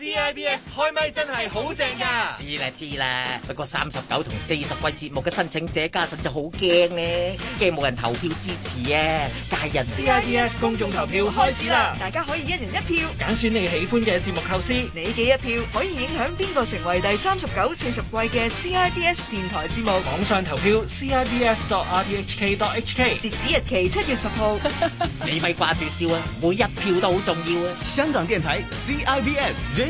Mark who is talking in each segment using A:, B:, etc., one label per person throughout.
A: CIBS 開咪
B: 真係好正噶知啦知啦。不過三十九同四十季節目嘅申請者家陣就好驚咧，驚冇人投票支持啊！大人，CIBS 公眾投票開始啦，大
C: 家可以一人一票
B: 揀選你喜歡嘅
C: 節目構思，你嘅一票可以影響邊個成為第三十九、四十季嘅 CIBS 電台節目。網上投票 cibs.rdhk.hk，截止日期七
D: 月十號。你咪掛住笑啊！每一票都好重要啊！香港電台 CIBS。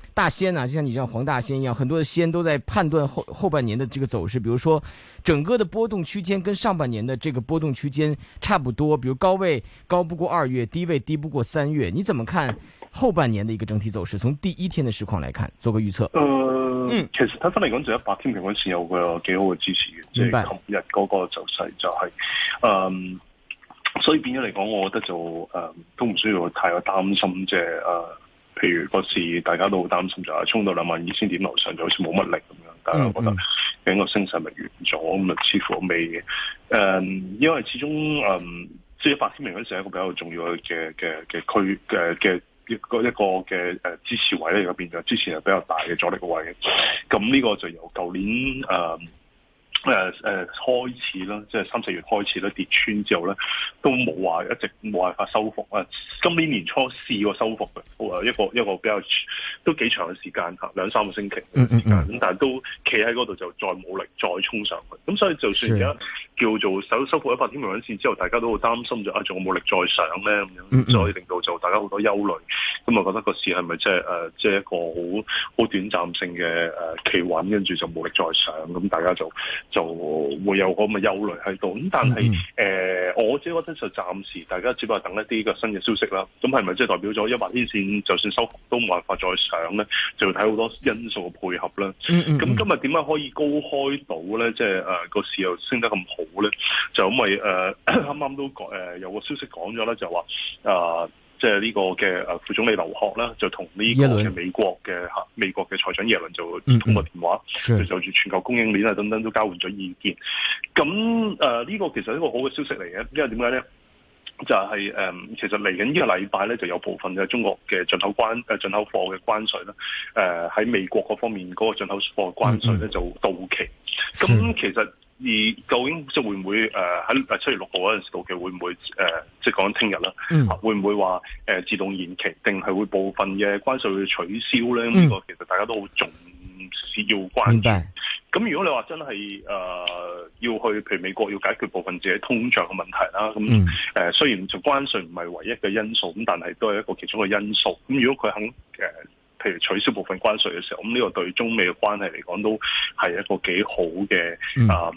E: 大仙啊，就像你，像黃大仙一樣，很多的仙都在判斷後後半年的這個走勢。比如說，整個的波動區間跟上半年的這個波動區間差不多，比如高位高不過二月，低位低不過三月。你怎麼看後半年的一個整體走勢？從第一天的市況來看，做個預測。誒、
F: 呃嗯，其實睇返嚟講，就一百天平均時有個幾好嘅支持嘅，即係琴日嗰個走勢就係、是，誒、嗯，所以變咗嚟講，我覺得就、呃、都唔需要太過擔心，即、呃、係譬如嗰時大家都好擔心，就係衝到兩萬二千點樓上，就好似冇乜力咁
G: 樣。大家覺
F: 得整個升勢咪完咗咁啊？似乎我未誒，因為始終誒即係八千零嗰陣時，嗯、一個比較重要嘅嘅嘅區嘅嘅一個一個嘅誒、呃、支持位咧，入邊就之前係比較大嘅阻力位嘅。咁呢個就由舊年誒。嗯誒、呃、誒、呃、開始啦，即係三四月開始啦，跌穿之後咧，都冇話一直冇辦法收復啊！今年年初試過收復一個一個比較都幾長嘅時間嚇，兩三個星期嘅時間，咁但係都企喺嗰度就再冇力再沖上去。咁所以就算而家叫做收收復一天點零線之後，大家都好擔心就啊仲有冇力再上呢。咁樣，所以令到就大家好多憂慮，咁啊覺得個市係咪即係即一個好好短暫性嘅誒企穩，跟住就冇力再上，咁大家就。就會有咁嘅憂慮喺度，咁但係誒、mm -hmm. 呃，我只覺得就暫時大家只不過等一啲嘅新嘅消息啦。咁係咪即係代表咗一百天線就算收都冇辦法再上咧？就要睇好多因素嘅配合啦。咁、
G: mm -hmm. 今
F: 日點解可以高開到咧？即係誒個市又升得咁好咧？就因為誒啱啱都講、呃、有個消息講咗咧，就話誒。呃即係呢個嘅，誒，副總理劉鶴啦，就同呢個美國嘅吓美國嘅財長耶倫就通過電話，就、嗯、住、嗯、全球供應鏈啊，等等都交換咗意見。咁誒，呢、呃這個其實一個好嘅消息嚟嘅，因為點解咧？就係、是、誒、嗯，其實嚟緊呢個禮拜咧，就有部分嘅中國嘅進口關誒進口貨嘅關稅啦，誒、呃、喺美國嗰方面嗰個進口貨嘅關稅咧就到期。咁、嗯嗯、其實。而究竟即會唔會誒喺七月六號嗰陣時到期，會唔會誒、呃、即講聽日
G: 啦？嗯，啊、會
F: 唔會話誒、呃、自動延期，定係會部分嘅關稅取消咧？呢、嗯、個其實大家都好重要關注。咁如果你話真係誒、呃、要去，譬如美國要解決部分自己通脹嘅問題啦，咁誒、呃、雖然就關稅唔係唯一嘅因素，咁但係都係一個其中嘅因素。咁如果佢肯誒，呃譬如取消部分關稅嘅時候，咁、這、呢個對中美嘅關係嚟講都係一個幾好嘅啊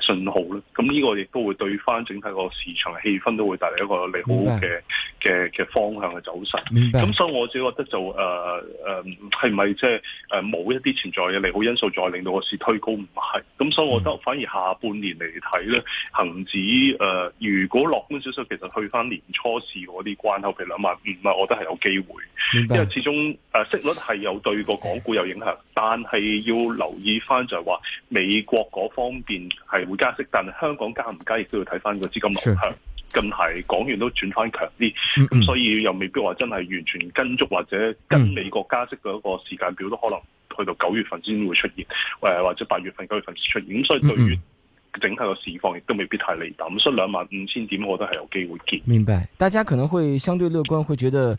F: 誒信號咧。咁呢個亦都會對翻整體個市場氣氛都會帶嚟一個利好嘅嘅嘅方向嘅走勢。咁所以我自己覺得就誒誒係咪即係誒冇一啲存在嘅利好因素再令到個市推高唔係？咁所以我覺得反而下半年嚟睇咧，恒指誒、呃、如果樂觀少少，其實去翻年初試嗰啲關口，譬如兩萬五，唔啊，我都係有機會。
G: 因為
F: 始終誒、呃係有對個港股有影響，但係要留意翻就係話美國嗰方面係會加息，但係香港加唔加亦都要睇翻個資金流向。近係港元都轉翻強啲，咁、嗯嗯、所以又未必話真係完全跟足或者跟美國加息嗰個時間表，都可能去到九月份先會出現，誒或者八月份、九月份先出現。咁所以對於整體個市況亦都未必太利淡、嗯嗯，所以兩萬五千點，我覺得係有機會見。
E: 明白，大家可能會相對樂觀，會覺得。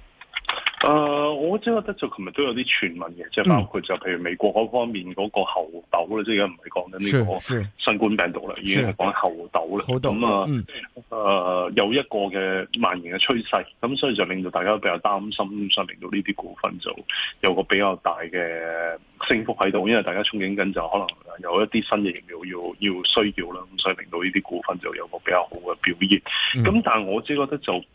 F: 誒、uh,，我只覺得就琴日都有啲傳聞嘅，即係包括就譬如美國嗰方面嗰個猴痘啦，即係而家唔係講緊呢個新冠病毒啦，已經係講猴痘啦。好多咁啊，誒、嗯，uh, 有一個嘅蔓延嘅趨勢，咁所以就令到大家比較擔心，所以令到呢啲股份就有個比較大嘅升幅喺度，因為大家憧憬緊就可能有一啲新嘅疫苗要要需要啦，咁所以令到呢啲股份就有個比較好嘅表現。咁、嗯、但係我只覺得就誒、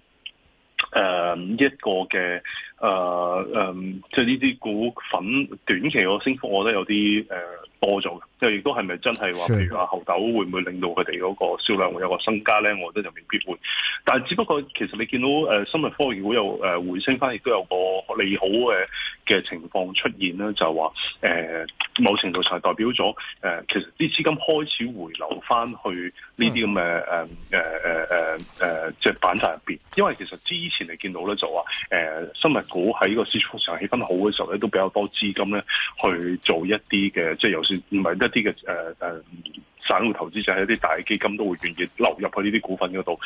F: 呃、一個嘅。誒、呃、誒，即係呢啲股份短期個升幅，我覺得有啲誒、呃、多咗。即係亦都係咪真係話，譬如話後頭會唔會令到佢哋嗰個銷量會有個增加咧？我覺得就未必會。但係只不過其實你見到誒、呃、生物科技股有誒、呃、回升翻，亦都有個利好嘅嘅情況出現啦，就話誒、呃、某程度上代表咗誒、呃、其實啲資金開始回流翻去呢啲咁嘅誒誒誒誒誒即係板塊入邊。因為其實之前你見到咧就話誒、呃、生物股喺呢個市場氣氛好嘅時候咧，都比較多資金咧去做一啲嘅，即係有算唔係一啲嘅誒誒。呃散戶投資者喺一啲大基金都會願意流入去呢啲股份嗰度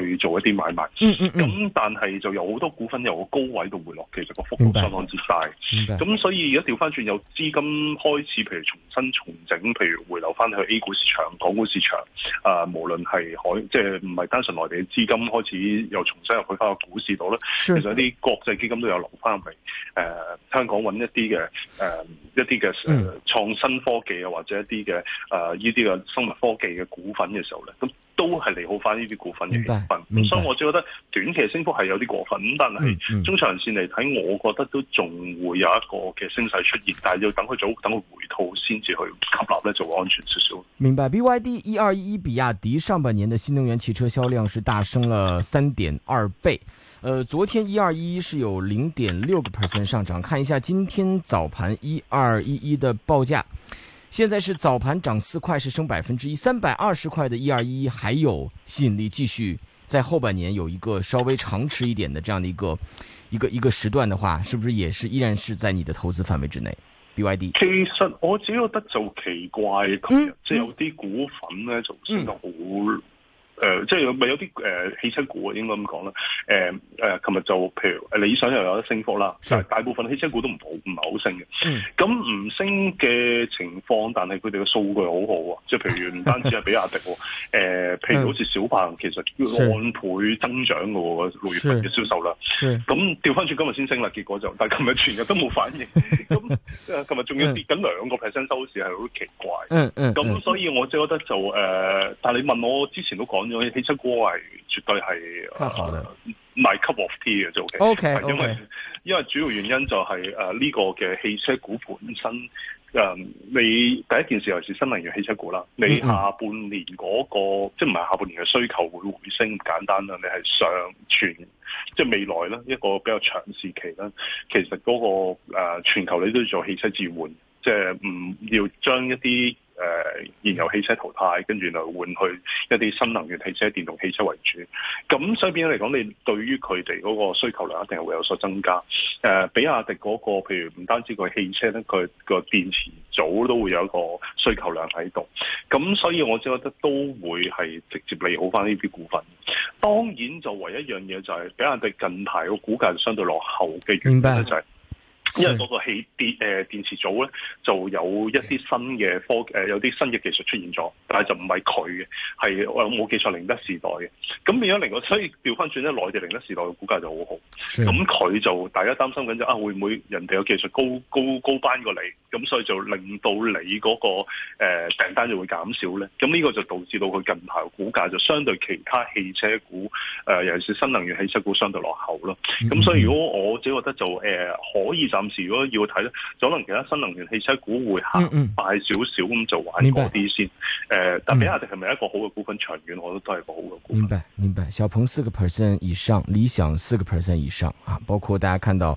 F: 去做一啲買賣。
G: 咁、嗯
F: 嗯、但係就有好多股份由個高位度回落，其實個幅度相當之大。咁、嗯嗯嗯、所以而家調翻轉，有資金開始譬如重新重整，譬如回流翻去 A 股市場、港股市場。啊，無論係海即係唔係單純內地資金開始又重新入去翻個股市度咧，其實啲國際基金都有留翻入嚟。誒、呃，香港揾一啲嘅誒一啲嘅、呃、創新科技啊，或者一啲嘅誒呢啲嘅。呃生物科技嘅股份嘅時候咧，咁都係利好翻呢啲股份嘅成分，所以我只覺得短期升幅係有啲過分，咁但係中長線嚟睇，我覺得都仲會有一個嘅升勢出現，嗯嗯、但係要等佢早，等佢回吐先至去吸納咧，就安全少少。
E: 明白。BYD 一二一一，比亞迪上半年嘅新能源汽車銷量是大升了三點二倍，呃，昨天一二一一是有零點六個 percent 上漲，看一下今天早盤一二一一的報價。現在是早盤漲四塊，是升百分之一，三百二十塊的一二一還有吸引力，繼續在後半年有一個稍微長持一點的這樣的一個，一個一個時段的話，是不是也是依然是在你的投資範圍之內？BYD，其實
F: 我只覺得就奇怪嘅嘢，即有啲股份呢，嗯、就升得好。嗯誒、呃，即係咪有啲誒汽車股啊？應該咁講啦。誒、呃、誒，琴、呃、日就譬如理想又有得升幅啦，但係大部分汽車股都唔好，唔係好升嘅。咁、嗯、唔升嘅情況，但係佢哋嘅數據好好啊。即係譬如唔單止係比亞迪，誒、 呃，譬如好似小鵬，其實要按倍增長嘅六月份嘅銷售啦。咁調翻轉今日先升啦，結果就但係琴日全日都冇反應。咁琴日仲要跌緊兩個 percent 收市，係好奇怪。咁、嗯、所以我即係覺得就誒、呃，但係你問我之前都講。我啲汽車股係絕對係賣級我啲嘅就 OK，因
H: 為
F: 因為主要原因就係誒呢個嘅汽車股本身誒，uh, 你第一件事又係新能源汽車股啦，你下半年嗰、那個、嗯、即係唔係下半年嘅需求會回升咁簡單啦，你係上全即係未來咧一個比較長時期咧，其實嗰、那個、uh, 全球你都要做汽車置換，即係唔要將一啲。誒、嗯，燃油汽車淘汰，跟住嚟換去一啲新能源汽車、電動汽車為主，咁所以變咗嚟講，你對於佢哋嗰個需求量一定係會有所增加。誒、呃，比亞迪嗰、那個，譬如唔單止個汽車咧，佢個電池組都會有一個需求量喺度。咁所以我只覺得都會係直接利好翻呢啲股份。當然就唯一,一樣嘢就係、是、比亞迪近排個股價就相對落後嘅原因就係、是。因為嗰個電池組咧，就有一啲新嘅科誒有啲新嘅技術出現咗，但係就唔係佢嘅，係我冇記錯寧德時代嘅。咁變咗寧德，所以調翻轉咧，內地寧德時代嘅股價就好好。
G: 咁佢
F: 就大家擔心緊就啊，會唔會人哋嘅技術高高高班過嚟？咁所以就令到你嗰、那個誒訂、呃、單就會減少咧。咁呢個就導致到佢近排嘅股價就相對其他汽車股，誒、呃、尤其是新能源汽車股相對落後咯。咁所以如果我自己覺得就誒、呃、可以就。暫時如果要睇咧，可能其他新能源汽車股會行快少少咁，就玩多啲先。誒，但比亞迪係咪一個好嘅股份？嗯，長遠我覺得都係個好嘅股
E: 份。明白，明白。小鵬四個 percent 以上，理想四個 percent 以上啊，包括大家看到。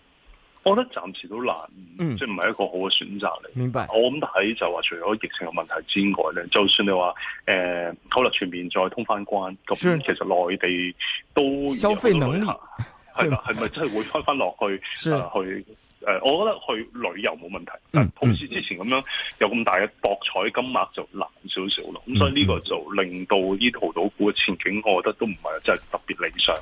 F: 我覺得暫時都難，嗯、即係唔係一個好嘅選擇嚟。明白。我咁睇就話，除咗疫情嘅問題之外咧，就算你話誒，好、呃、啦，全面再通翻關咁，其實內地都有消費能力係啦，係咪 真係會開翻落去？啊、去誒、呃，我覺得去旅遊冇問題，嗯、但係好似之前咁樣，嗯、有咁大嘅博彩金額就難少少咯。咁、嗯、所以呢個就令到呢啲濠賭股嘅前景，我覺得都唔係真係特別理想嘅。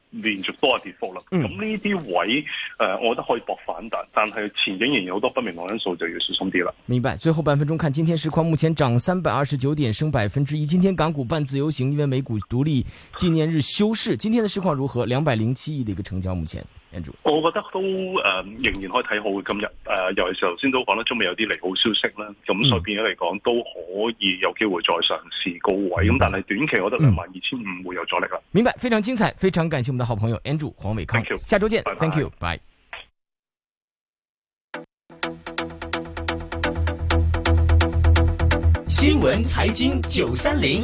F: 連續多日跌幅啦，咁呢啲位，誒，我覺得可以搏反彈，但係前景仍然有好多不明朗因素，就要小心啲啦。
E: 明白，最後半分鐘看今天市況，目前漲三百二十九點，升百分之一。今天港股半自由行，因為美股獨立紀念日休市，今天的市況如何？兩百零七億的一個成交，目前。Andrew、
F: 我覺得都誒、呃，仍然可以睇好今日誒、呃，尤其是頭先都講咧，中美有啲利好消息啦，咁、嗯、所以變咗嚟講，都可以有機會再嘗試高位。咁但係短期，我覺得兩萬二千五會有阻力啦。
E: 明白，非常精彩，非常感謝我們的好朋友 Andrew 黃偉康，下周見 Bye-bye.，Thank you，拜。
D: 新聞財經九三零。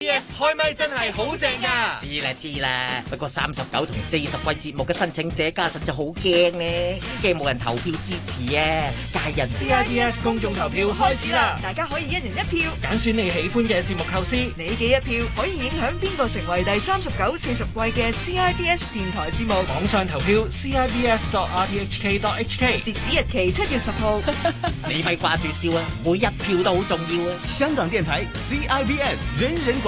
D: C I B S 開咪真係好正噶，
I: 知啦知啦，不過三十九同四十季節目嘅申請者家陣就好驚咧，驚
B: 冇人投票支持啊！今日 C I B S 公眾投票開始啦，大
C: 家可以一人一票揀
B: 選你喜歡嘅節目構思，
C: 你嘅一票可以影響邊個成為第三十九、
I: 四十季嘅 C I B S 電台節目。網上投票 c i b s dot r t h k dot h k，截止日期七月十號。你咪掛住笑啊！每一票都好重要啊！
D: 香港電台 C I B S，人人。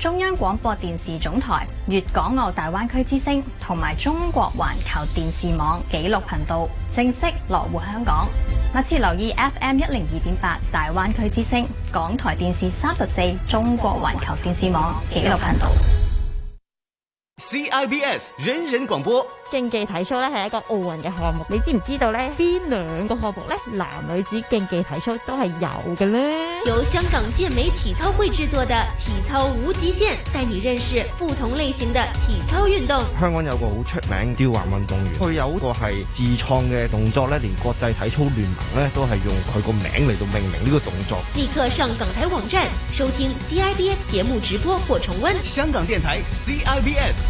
J: 中央廣播電視總台粵港澳大灣區之聲同埋中國環球電視網紀錄頻道正式落戶香港，密切留意 FM 一零二點八大灣區之聲、港台電視三十四、中國環球電視網紀錄頻道。
K: CIBS 人人廣播競技體操咧係一個奧運嘅項目，你知唔知道咧邊兩個項目，咧男女子競技體操都係有嘅咧。
J: 由香港健美體操會製作嘅體操無極限，帶你認識不同
K: 類型嘅體操運動。
L: 香港有個好出名嘅吊環運動員，佢有個係自創
M: 嘅動作咧，連國際體操聯盟咧都係用佢個名嚟到命名呢個動作。
K: 立
D: 刻上港台網站收聽 CIBS 節目直播或重温。香港電台 CIBS。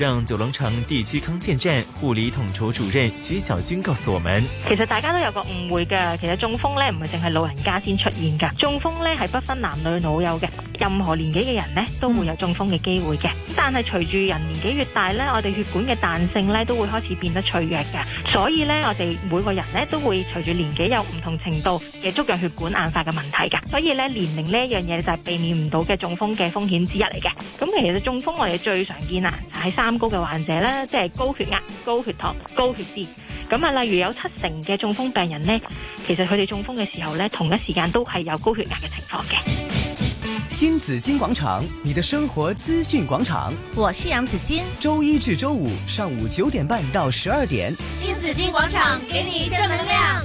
L: 讓九龍城地區康健站護理統籌主任徐小軍告訴我們：其
I: 實大家都有個誤會嘅，其實中風咧，唔係淨係老人家先出現噶中風咧係不分男女老幼嘅，任何年紀嘅人咧，都會有中風嘅機會嘅。但係隨住人年紀越大咧，我哋血管嘅彈性咧都會開始變得脆弱嘅，所以咧，我哋每個人咧都會隨住年紀有唔同程度嘅粥樣血管硬化嘅問題嘅，所以咧，年齡呢一樣嘢就係避免唔到嘅中風嘅風險之一嚟嘅。咁其實中風我哋最常見啊，喺三三高嘅患者啦，即係高血壓、高血糖、高血脂。咁啊，例如有七成嘅中風病人呢，其實佢哋中風嘅時候呢，同一時間都係
K: 有高血壓嘅情況嘅。
D: 新紫荊廣場，你的生活資訊廣場。我是楊紫荊，周一至周五上午九點半到十二點。新
J: 紫荊廣場，給你正能量。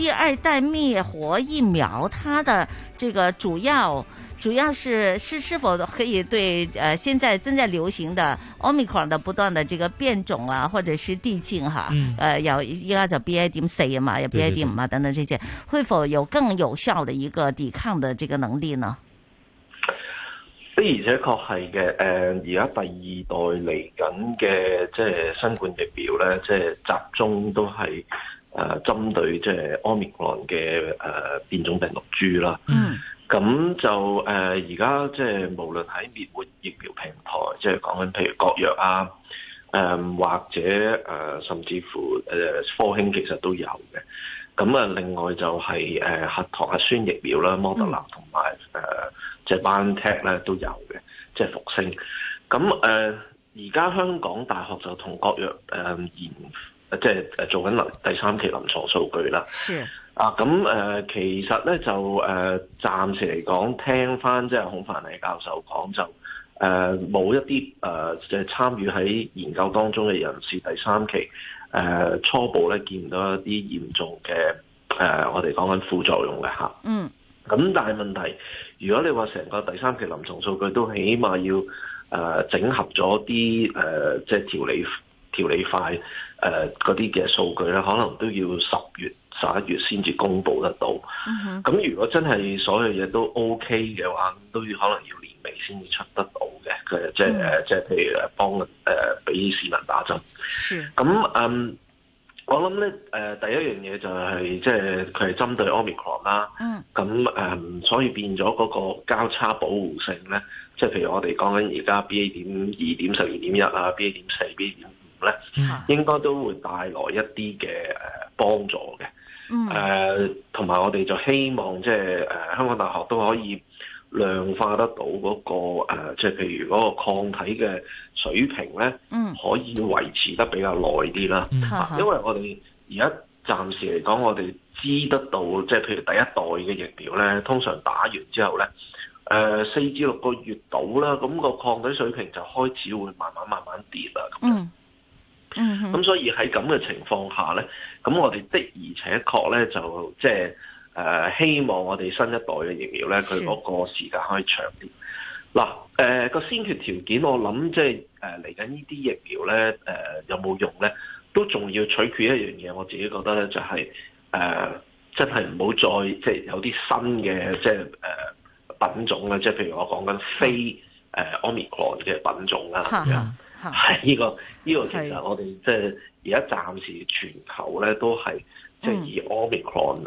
K: 第二代滅活疫苗，它的這個主要主要是是是否可以對呃現在正在流行的奧 r 克 n 的不斷的這個變種啊，或者是遞進哈，呃，有依家叫 B A 點四啊嘛，有 B A d 五啊等等這些，會否有更有效的一個抵抗的這個能力呢？
M: 的而且確係嘅，誒、呃，而家第二代嚟緊嘅即係新冠疫苗咧，即、就、係、是、集中都係。誒、啊，針對即係奧密克戎嘅誒變種病毒株啦，咁、mm. 就誒而家即係無論喺滅活疫苗平台，即、就、係、是、講緊譬如國藥啊，誒、啊、或者誒、啊、甚至乎誒、啊、科興其實都有嘅。咁啊，另外就係、是、誒、啊、核糖核酸疫苗啦，摩德納同埋誒即係 BioNTech 咧都有嘅，即、就、係、是、復星。咁誒而家香港大學就同國藥誒研。啊即、就、係、是、做緊第三期臨床數據啦。啊。咁、呃、其實咧就誒、呃、暫時嚟講，聽翻即係孔凡黎教授講就誒冇、呃、一啲誒即係參與喺研究當中嘅人士第三期誒、呃、初步咧見唔到一啲嚴重嘅誒、呃、我哋講緊副作用嘅嚇。嗯。咁但係問題，如果你話成個第三期臨床數據都起碼要誒整合咗啲誒即係調理調理快。誒、呃，嗰啲嘅數據咧，可能都要十月十一月先至公布得到。咁、
G: mm -hmm.
M: 如果真係所有嘢都 OK 嘅話，都要可能要年尾先至出得到嘅。佢即係誒，即係譬如誒，幫誒俾、呃、市民打針。咁嗯，我諗咧、呃，第一樣嘢就係、是、即係佢係針對 Omicron 啦。咁、mm、誒 -hmm. 嗯，所以變咗嗰個交叉保護性咧，即係譬如我哋講緊而家 B A 點二點十二點一啊，B A 點四 B A。咧應該都會帶來一啲嘅呃幫助嘅，嗯、呃、同埋我哋就希望即係呃、香港大學都可以量化得到嗰個呃，即係譬如嗰個抗體嘅水平咧、嗯，可以維持得比較耐啲啦、嗯。因為我哋而家暫時嚟講，我哋知得到即係譬如第一代嘅疫苗咧，通常打完之後咧，呃四至六個月到啦，咁個抗體水平就開始會慢慢慢慢跌啦。嗯。嗯，咁所以喺咁嘅情況下咧，咁我哋的而且確咧，就即係誒希望我哋新一代嘅疫苗咧，佢嗰個時間可以長啲。嗱，誒、呃那個先決條件，我諗即係誒嚟緊呢啲疫苗咧，誒、呃、有冇用咧，都仲要取決一樣嘢。我自己覺得咧，就係、是、誒、呃、真係唔好再即係、就是、有啲新嘅即係誒品種嘅，即、就、係、是、譬如我講緊非誒 Omicron 嘅品種啊。係、這、呢個，呢、這個其實我哋即係而家暫時全球咧都係即係以 Omicron 誒誒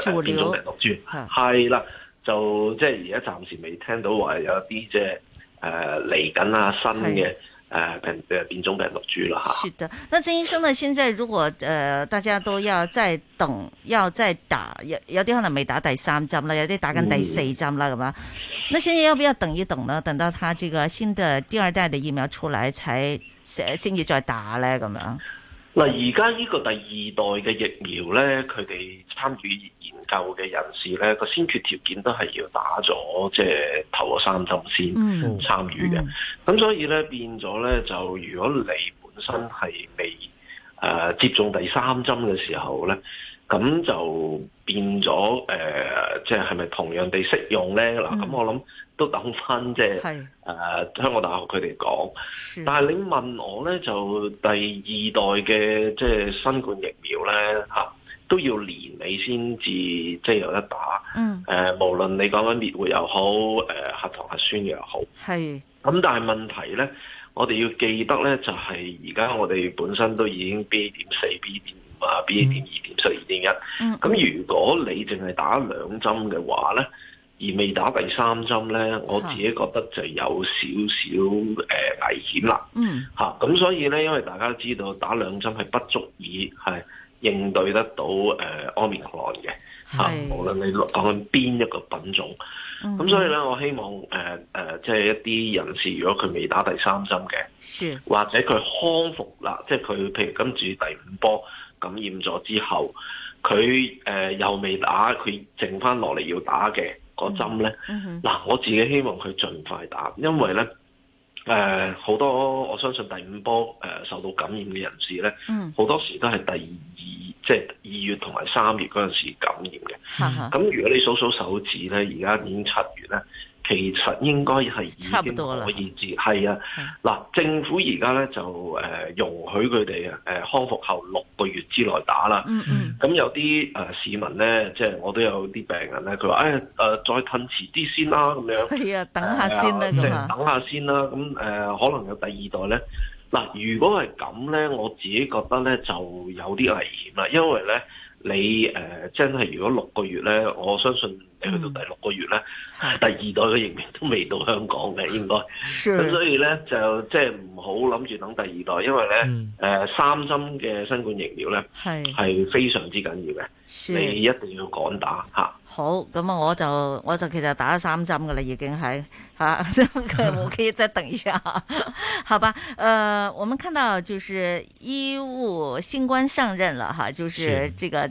M: 嘅變種病毒株，係、嗯、啦，就即係而家暫時未聽到話有一啲即係誒嚟緊啊新嘅。誒平誒變種病毒株啦嚇，
K: 是的。那曾醫生呢？現在如果誒、呃、大家都要再等，要再打，有有啲可能未打第三針啦，有啲打緊第四針啦咁啊。那現在要不要等一等呢？等到他這個新的第二代嘅疫苗出嚟才，才先至再打咧咁樣。
M: 嗱、嗯，而家呢個第二代嘅疫苗咧，佢哋參與有嘅人士咧，個先決條件都係要打咗即係頭三針先參與嘅。咁、嗯嗯、所以咧變咗咧，就如果你本身係未誒、呃、接種第三針嘅時候咧，咁就變咗誒，即係係咪同樣地適用咧？嗱、嗯，咁我諗都等翻即係。係、呃、誒，香港大學佢哋講，但係你問我咧，就第二代嘅即係新冠疫苗咧嚇。都要年尾先至即係有得打。嗯。誒、呃，無論你講緊滅活又好，誒、呃、核糖核酸又好。係。咁、嗯、但係問題咧，我哋要記得咧，就係而家我哋本身都已經 B 點四、B 點五啊、B 點二點七、二點一。嗯。咁如果你淨係打兩針嘅話咧，而未打第三針咧，我自己覺得就有少少誒、呃、危險啦。嗯。嚇、啊！咁所以咧，因為大家都知道打兩針係不足以係。應對得到誒 Omicron 嘅嚇，無論你講緊邊一個品種，
G: 咁、mm -hmm. 所以
M: 咧，我希望誒誒、呃呃，即係一啲人士，如果佢未打第三針嘅，或者佢康復啦，即係佢譬如今次第五波感染咗之後，佢誒、呃、又未打，佢剩翻落嚟要打嘅個針咧，嗱、mm -hmm. 啊，我自己希望佢盡快打，因為咧。誒、呃、好多我相信第五波誒、呃、受到感染嘅人士咧，好、嗯、多時都係第二，即、就、係、是、二月同埋三月嗰陣時感染嘅。咁、嗯、如果你數數手指咧，而家已經七月咧。其實應該係已經可以接，係啊嗱、啊，政府而家咧就誒、呃、容許佢哋誒康復後六個月之內打啦。咁、嗯嗯、有啲誒、呃、市民咧，即係我都有啲病人咧，佢話誒誒再褪遲啲先啦、啊、咁樣。係
K: 啊，等下先啦、啊啊、
M: 等下先啦、啊，咁誒、呃、可能有第二代咧。嗱，如果係咁咧，我自己覺得咧就有啲危險啦，因為咧。你、呃、真係如果六個月咧，我相信你去到第六個月咧、嗯，第二代嘅疫苗都未到香港嘅應該，咁所以咧就即係唔好諗住等第二代，因為咧、嗯呃、三針嘅新冠疫苗咧係係非常之緊要嘅，你一定要趕打吓。
K: 好，咁啊我就我就其實打咗三針㗎啦，已經係嚇， 我可以再等一下， 好吧。誒、呃，我們看到就是醫務新官上任了哈，就是這個是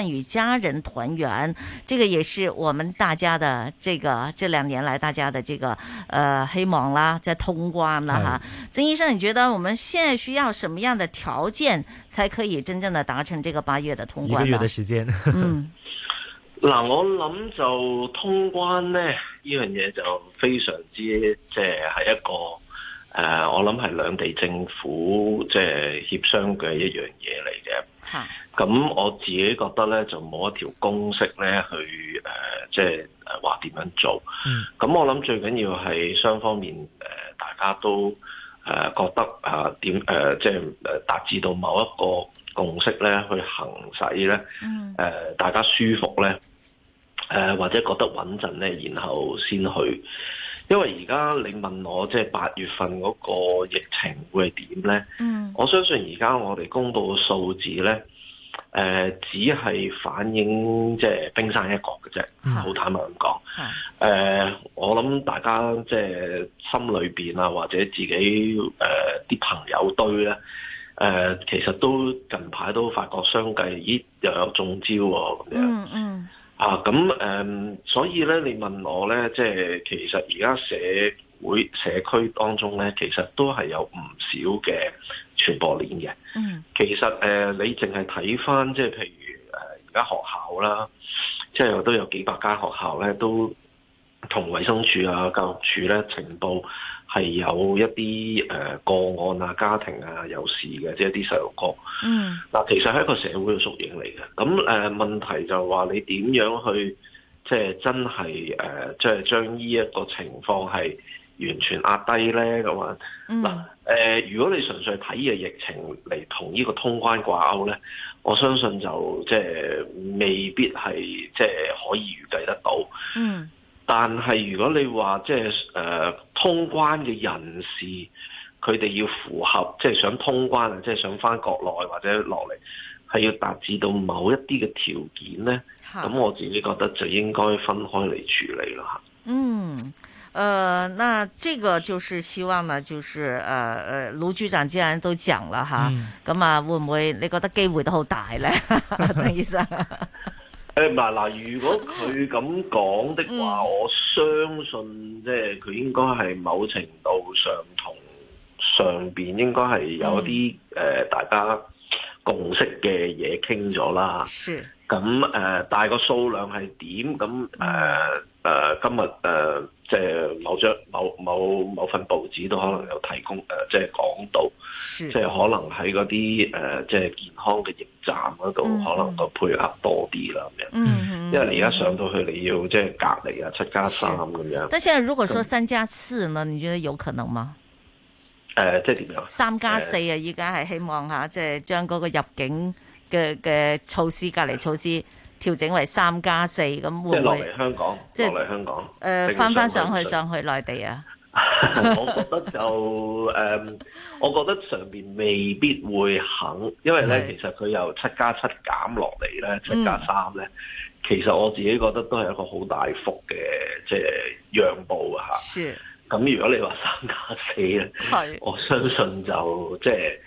K: 與家人團圓，這個也是我們大家的這個這兩年來大家的這個，呃，希望啦，再通關啦哈。曾醫生，你覺得我們現在需要什麼樣的條件，才可以真正的達成這個八月的通關？一個月的
L: 時間。
M: 嗯， 嗱，我諗就通關呢呢樣嘢就非常之即係係一個，誒、呃，我諗係兩地政府即係協商嘅一樣嘢嚟嘅。 咁我自己覺得咧，就冇一條公式咧去誒，即係誒話點樣做、嗯。咁我諗最緊要係雙方面、呃、大家都誒、呃、覺得啊點誒，即係達至到某一個共識咧，去行使咧，誒大家舒服咧，誒或者覺得穩陣咧，然後先去。因為而家你問我，即係八月份嗰個疫情會係點咧？我相信而家我哋公布嘅數字咧。誒、呃，只係反映即係冰山一角嘅啫，好、mm -hmm. 坦白咁講。誒、mm -hmm. 呃，我諗大家即係心裏邊啊，或者自己誒啲、呃、朋友堆咧，誒、呃，其實都近排都發覺相繼，咦，又有中招喎、哦、咁樣。嗯嗯。啊，咁誒、呃，所以咧，你問我咧，即係其實而家社會社區當中咧，其實都係有唔少嘅。傳播鏈嘅、嗯，其實誒、呃、你淨係睇翻即係譬如誒而家學校啦，即係都有幾百間學校咧，都同衛生署啊、教育署咧，情報係有一啲誒、呃、個案啊、家庭啊有事嘅，即係一啲細路哥。嗯，嗱，其實係一個社會嘅縮影嚟嘅。咁誒、呃、問題就話你點樣去即係真係誒，即係、呃就是、將呢一個情況係完全壓低咧咁啊？誒、呃，如果你純粹睇嘅疫情嚟同呢個通關掛鈎咧，我相信就即係未必係即係可以預計得到。嗯。但係如果你話即係誒、呃、通關嘅人士，佢哋要符合即係、就是、想通關啊，即、就、係、是、想返國內或者落嚟，係要達至到某一啲嘅條件咧。咁我自己覺得就應該分開嚟處理啦。嚇。嗯。
K: 誒、呃，那這個就是希望呢，就是誒誒，盧、呃、局長既然都講了吓，咁、嗯、啊會唔會你覺得機會都好大呢？鄭醫生，
M: 誒，嗱嗱，如果佢咁講的話、嗯，我相信即係佢應該係某程度上同上邊應該係有啲誒、嗯呃、大家共識嘅嘢傾咗啦。是。咁誒，但個數量係點？咁誒。呃誒、呃、今日誒、呃，即係某張某某某份報紙都可能有提供誒、呃，即係講到，即係可能喺嗰啲誒，即係健康嘅驛站嗰度、嗯，可能個配合多啲啦咁樣。嗯因、嗯、為、嗯嗯、你而家上到去，你要即係隔離啊，七加三咁樣。但係現在，如果說
K: 三加四呢，你覺得有可能嗎？誒、呃，即係點樣？三加四啊！依家係希望嚇，即係將嗰個入境嘅嘅、呃、措施、隔離措施。調整為三加四咁會唔會落嚟
M: 香港。即係落嚟香港。誒、呃，翻翻上去上，上
K: 去內地啊！
M: 我覺得就誒， um, 我覺得上邊未必會肯，因為咧，其實佢由七加七減落嚟咧，七加三咧，其實我自己覺得都係一個好大幅嘅即係讓步啊！嚇。咁如果你話三加四咧，係我相信就即係。就是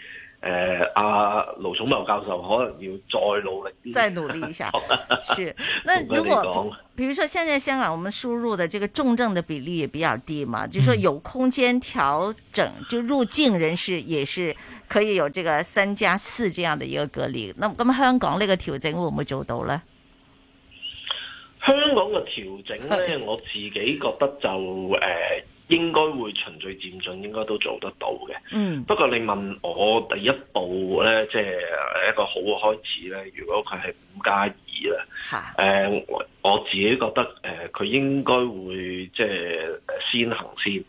M: 誒、呃，阿盧寵茂教授可能要再努力，再努力一下。 是，
K: 那如果， 比如說現在香港我們輸入的這個重症的比例也比較低嘛，嗯、就是、說有空間調整，就入境人士也是可以有這個三加四這樣的一個隔離。咁咁香港呢個調整會唔會做到呢？嗯、
M: 香港嘅調整呢、嗯，我自己覺得就誒。呃應該會循序漸進，應該都做得到嘅。嗯。不過你問我第一步咧，即係一個好嘅開始咧，如果佢係五加二啦。嚇。誒，我自己覺得誒，佢應該會即係先行先，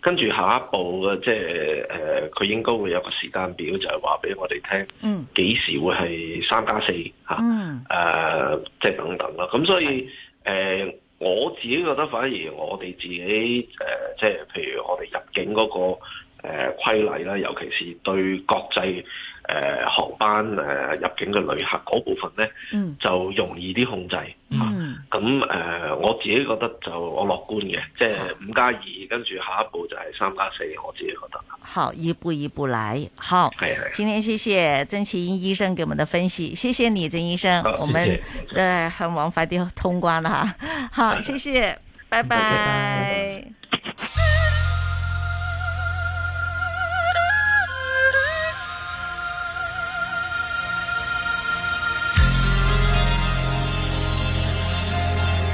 M: 跟住下一步嘅即係誒，佢應該會有個時間表，就係話俾我哋聽，嗯，幾時會係三加四嚇，誒、嗯，即係等等啦。咁所以誒。我自己覺得反而我哋自己誒，即係譬如我哋入境嗰個規例啦，尤其是對國際。誒、呃、航班誒、呃、入境嘅旅客嗰部分咧、嗯，就容易啲控制。嗯，咁、啊、誒、呃、我自己覺得就我樂觀嘅，即係五加二，跟住下一步就係三加四，我自己覺
K: 得。好，一步一步嚟。好，今天謝謝曾奇英醫生給我們的分析，謝謝你曾醫生。我們即我很往快啲通關啦嚇。好，謝謝，嗯、謝謝 bye bye 拜拜。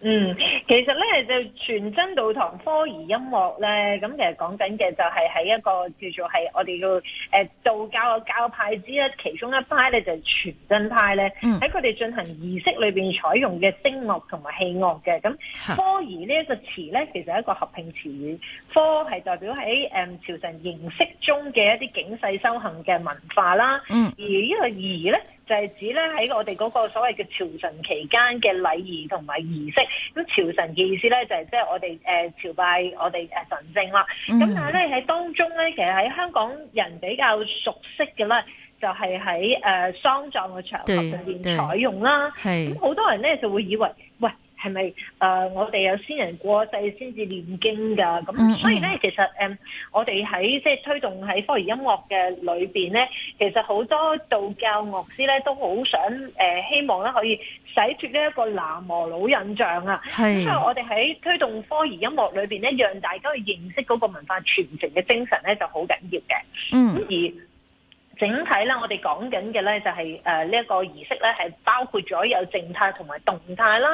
I: 嗯，其實咧就全真道堂科儀音樂咧，咁其實講緊嘅就係喺一個叫做係我哋叫誒、呃、道教嘅教派之一，其中一派咧就係、是、全真派咧，喺佢哋進行儀式裏面採用嘅聲樂同埋器樂嘅咁科儀呢一個詞咧，其實係一個合併詞語，科係代表喺誒、嗯、朝神形式中嘅一啲警世修行嘅文化啦，嗯、而個儀呢個儀咧。就係、是、指咧喺我哋嗰個所謂嘅朝神期間嘅禮儀同埋儀式，咁朝神嘅意思咧就係即係我哋誒、呃、朝拜我哋誒神聖啦。咁、嗯、但係咧喺當中咧，其實喺香港人比較熟悉嘅咧，就係喺誒喪葬嘅場合上面採用啦。咁好多人咧就會以為。係咪？誒、呃，我哋有先人過世先至念經噶，咁所以咧，其實誒、嗯嗯嗯，我哋喺即係推動喺科儀音樂嘅裏邊咧，其實好多道教樂師咧都好想誒、呃，希望咧可以洗脱呢一個南無佬印象啊。咁所以我哋喺推動科儀音樂裏邊咧，讓大家去認識嗰個文化傳承嘅精神咧，就好緊要嘅。嗯，而整體啦，我哋講緊嘅咧就係誒呢一個儀式咧，係包括咗有靜態同埋動態啦。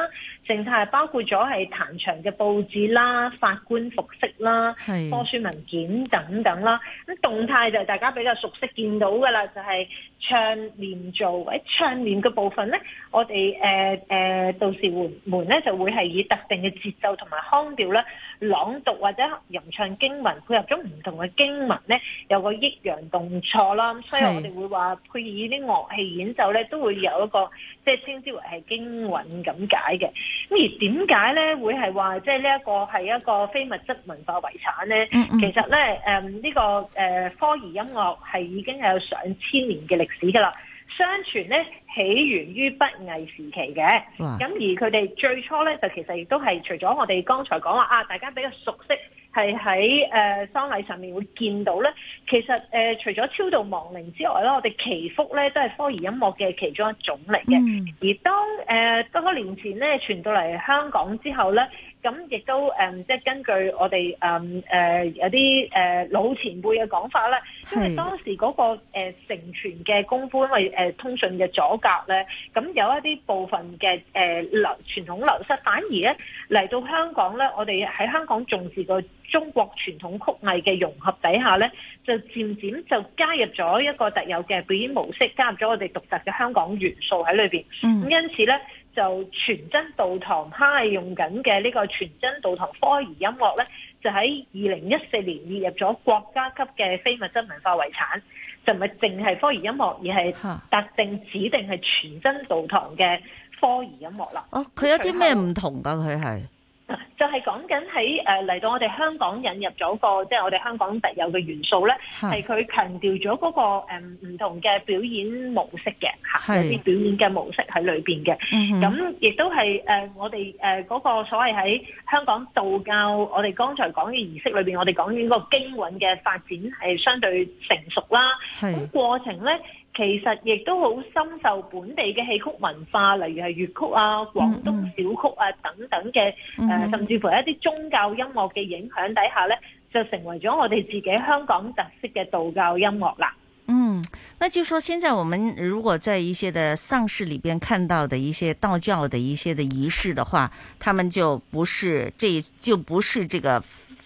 I: 靜態包括咗係彈牆嘅佈置啦、法官服飾啦、係科書文件等等啦。咁動態就大家比較熟悉見到㗎啦，就係、是、唱念做喎。唱念嘅部分咧，我哋誒誒到時門門咧就會係以特定嘅節奏同埋腔調咧朗讀或者吟唱經文。配合咗唔同嘅經文咧，有個抑揚頓挫啦。咁所以我哋會話配以啲樂器演奏咧，都會有一個即係稱之為係經韻咁解嘅。咁而點解咧會係話即係呢一個係一個非物質文化遺產咧？嗯嗯其實咧誒呢、嗯這個誒、呃、科儀音樂係已經係有上千年嘅歷史㗎啦。相傳咧起源於北魏時期嘅，咁而佢哋最初咧就其實亦都係除咗我哋剛才講話啊，大家比較熟悉。係喺誒喪禮上面會見到咧，其實誒、呃、除咗超度亡靈之外咧，我哋祈福咧都係科儀音樂嘅其中一種嚟嘅，嗯。而當誒多多年前咧傳到嚟香港之後咧。咁亦都誒、嗯，即係根據我哋誒誒有啲誒、呃、老前輩嘅講法啦，因為當時嗰、那個、呃、承傳嘅功夫，因為、呃、通訊嘅阻隔咧，咁、呃、有一啲部分嘅誒流傳統流失，反而咧嚟到香港咧，我哋喺香港重視個中國傳統曲藝嘅融合底下咧，就漸漸就加入咗一個特有嘅表演模式，加入咗我哋獨特嘅香港元素喺裏面。咁、嗯、因此咧。就全真道堂派用緊嘅呢個全真道堂科儀音樂呢，就喺二零一四年列入咗國家級嘅非物質文化遺產，就唔係淨係科儀音樂，而係特定指定係全真道堂嘅科儀音樂啦。哦，佢有啲
K: 咩唔同㗎？佢係？
I: 就係講緊喺嚟到我哋香港引入咗個即係、就是、我哋香港特有嘅元素咧，係佢強調咗嗰個唔、嗯、同嘅表演模式嘅嚇，啲表演嘅模式喺裏面嘅。咁、嗯、亦都係、呃、我哋嗰、呃那個所謂喺香港道教，我哋剛才講嘅儀式裏面，我哋講緊個經韻嘅發展係相對成熟啦。咁過程咧。其實亦都好深受本地嘅戲曲文化，例如係粵曲啊、廣東小曲啊、嗯、等等嘅、嗯呃、甚至乎一啲宗教音樂嘅影響底下呢，就成為咗我哋自己香港特色嘅道教音樂啦。嗯,
K: 那就說現在我們如果在一些的喪事裏邊看到的一些道教的一些的儀式的話，他們就不是這就不是這個。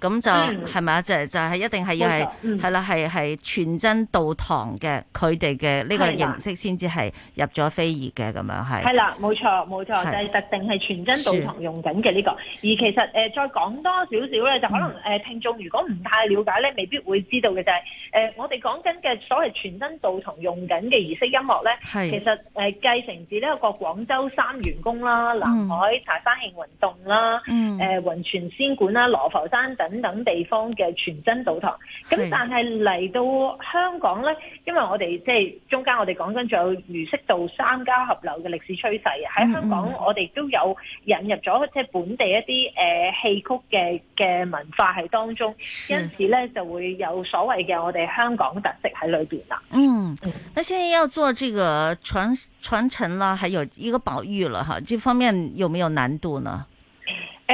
K: 咁就係咪啊？就就是、係一定係要係係、嗯、啦，係係全真道堂嘅佢哋嘅呢個形式先至係入咗非遺嘅咁樣係。係啦，
I: 冇錯冇錯，錯就係、是、特定係全真道堂用緊嘅呢個。而其實、呃、再講多少少咧，就可能誒、嗯呃、聽眾如果唔太了解咧，未必會知道嘅就係我哋講緊嘅所謂全真道堂用緊嘅儀式音樂咧，其實誒、呃、繼承自呢一個廣州三元宮啦、南海茶山慶雲洞啦、誒、嗯、雲、嗯呃、泉仙館啦、羅浮山等等地方嘅全真道堂，咁但係嚟到香港咧，因為我哋即係中間我哋講緊仲有儒釋道三家合流嘅歷史趨勢，喺、嗯嗯、香港我哋都有引入咗即係本地一啲誒戲曲嘅嘅文化喺當中，因此咧就會有所謂嘅我哋香港特色喺裏邊啦。嗯，
K: 那現在要做這個傳傳承啦，還有一個保育了哈，這方面有沒有難度呢？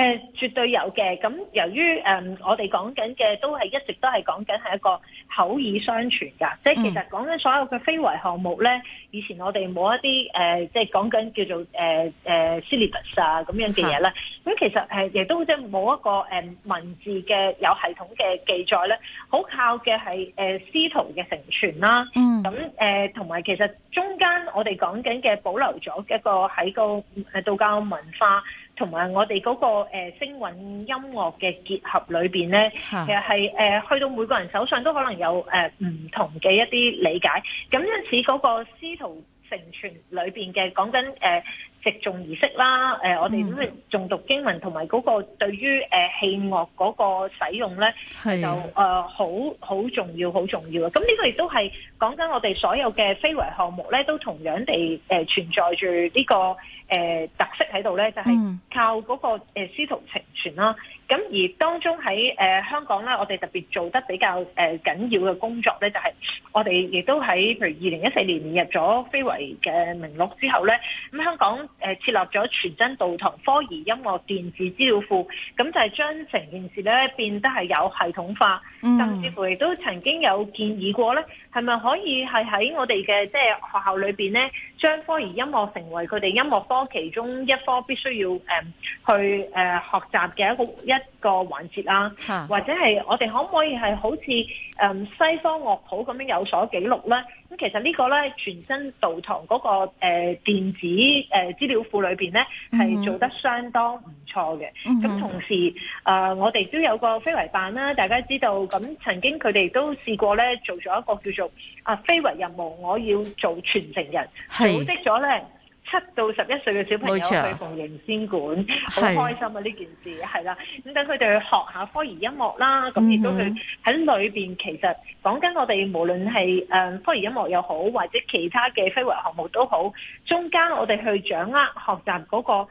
I: 誒絕對有嘅，咁由於誒、嗯、我哋講緊嘅都係一直都係講緊係一個口耳相傳噶、嗯，即係其實講緊所有嘅非遺項目咧，以前我哋冇一啲誒、呃，即係講緊叫做誒誒 syllabus 啊咁樣嘅嘢啦，咁其實係亦都即係冇一個誒、呃、文字嘅有系統嘅記載咧，好靠嘅係誒師徒嘅承傳啦。嗯，咁誒同埋其實中間我哋講緊嘅保留咗一個喺個誒道教文化。同埋我哋嗰個聲韻音樂嘅結合裏面呢，咧，其實係、呃、去到每個人手上都可能有唔、呃、同嘅一啲理解，咁因此嗰個司徒成全裏面嘅講緊直重儀式啦，誒、呃，我哋都係重讀經文，同埋嗰個對於器、啊、樂嗰個使用咧，就誒好好重要，好重要嘅。咁呢個亦都係講緊我哋所有嘅非遺項目咧，都同樣地誒、呃、存在住呢、這個誒、呃、特色喺度咧，就係、是、靠嗰、那個誒、呃、師徒情傳啦。咁而當中喺誒、呃、香港咧，我哋特別做得比較誒、呃、緊要嘅工作咧，就係、是、我哋亦都喺譬如二零一四年列入咗非遺嘅名錄之後咧，咁、嗯、香港。誒設立咗全真道堂科儀音樂電子資料庫，咁就係將成件事咧變得係有系統化，甚至乎亦都曾經有建議過咧，係咪可以係喺我哋嘅即係學校裏面咧，將科儀音樂成為佢哋音樂科其中一科必須要去學習嘅一個一。這個環節啦，或者係我哋可唔可以係好似誒、嗯、西方樂譜咁樣有所記錄呢？咁其實這個呢個咧，全真道堂嗰、那個誒、呃、電子誒資、呃、料庫裏邊呢，係做得相當唔錯嘅。咁、嗯、同時啊、呃，我哋都有個非遺辦啦、啊，大家知道咁曾經佢哋都試過咧做咗一個叫做啊非遺任務，我要做傳承人，組織咗呢。七到十一歲嘅小朋友去蓬瀛仙館，好開心啊！呢件事係啦，咁等佢哋去學下科儀音樂啦，咁亦都去喺裏邊。其實講緊我哋無論係誒科儀音樂又好，或者其他嘅非遺項目都好，中間我哋去掌握學習嗰個誒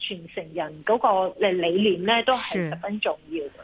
I: 傳承人嗰個誒理念咧，都係十分重要嘅。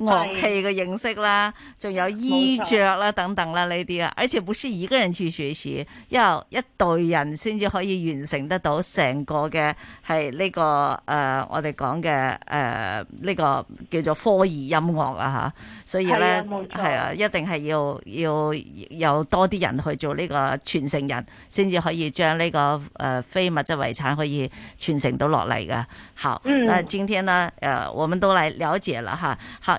K: 樂器嘅認識啦，仲有衣着啦，等等啦呢啲啊，而且不是一個人去學習，因為一代人先至可以完成得到成個嘅係呢個誒、呃，我哋講嘅誒呢個叫做科儀音樂啊吓，所以咧係啊，啊，一定係要要，要有多啲人去做呢個傳承人，先至可以將呢個誒非物質遺產可以傳承到落嚟嘅。好，嗱、嗯、今天呢誒，我們都嚟了解啦吓好。啊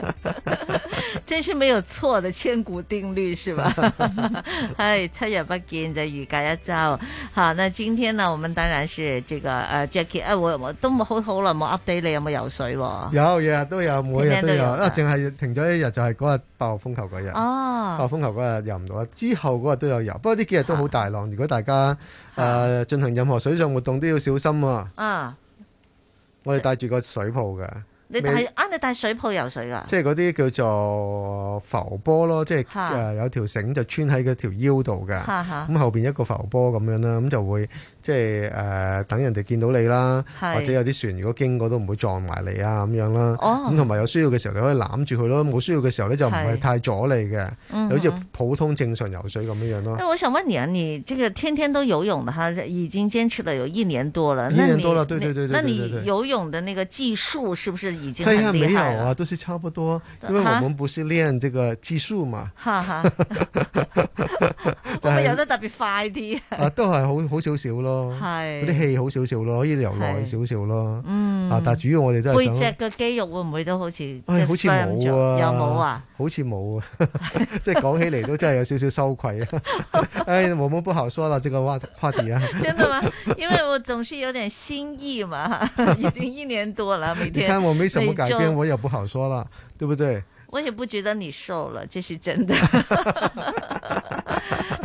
K: 真是沒有錯的千古定律，是吧？ 哎，七日不見，就如隔一周。好，那今天呢，我們當然是這個誒、呃、，Jackie、哎、有有啊，我我都冇好好耐冇 update，你有冇游水？有
A: 日都有，每日都有，天天都有啊，淨係停咗一日，就係嗰日八號風球嗰日。哦、啊，八號風球嗰日游唔到啦，之後嗰日都有游，不過呢幾日都好大浪、啊，如果大家誒進、呃、行任何水上活動都要小心啊。
K: 啊
A: 我哋帶住個水泡㗎。啊
K: 你帶啊！你帶水泡游水噶，
A: 即係嗰啲叫做浮波咯，即係誒有條繩就穿喺佢條腰度㗎。
K: 咁
A: 後邊一個浮波咁樣啦，咁就會。即係、呃、等人哋見到你啦，或者有啲船如果經過都唔會撞埋你啊咁樣啦。咁同埋有需要嘅時候你可以攬住佢咯，冇需要嘅時候咧就唔係太阻你嘅，好似普通正常游水咁樣樣咯。嗯、
K: 我想問你啊，你這個天天都游泳的哈，已經堅持了有一年多了，一年多了，對對對、對、對。那你游泳的那個技術是不是已經很厲害了、啊？沒有
A: 啊，都是差不多，因為我們不是練這個技術嘛。
K: 哈
A: 哈、 就是，我咪游得特
K: 別快啲、 啊、
A: 都係好好少少咯。係嗰啲氣好少少咯，可以游耐少少咯。嗯，啊，但主要我哋真係背脊
K: 嘅肌肉會唔會都好似、哎？好似冇啊，有冇啊，
A: 好似冇啊，即係講起嚟都真係有少少羞愧啊！ 哎，我們不好說了，這個話、話題啊。真的
K: 嗎？因為我總是有點新意嘛，已 經 一年多了，每天。你看我沒什麼改變，我
A: 也不好說了，對不對？
K: 我也不覺得你瘦了，這是真的。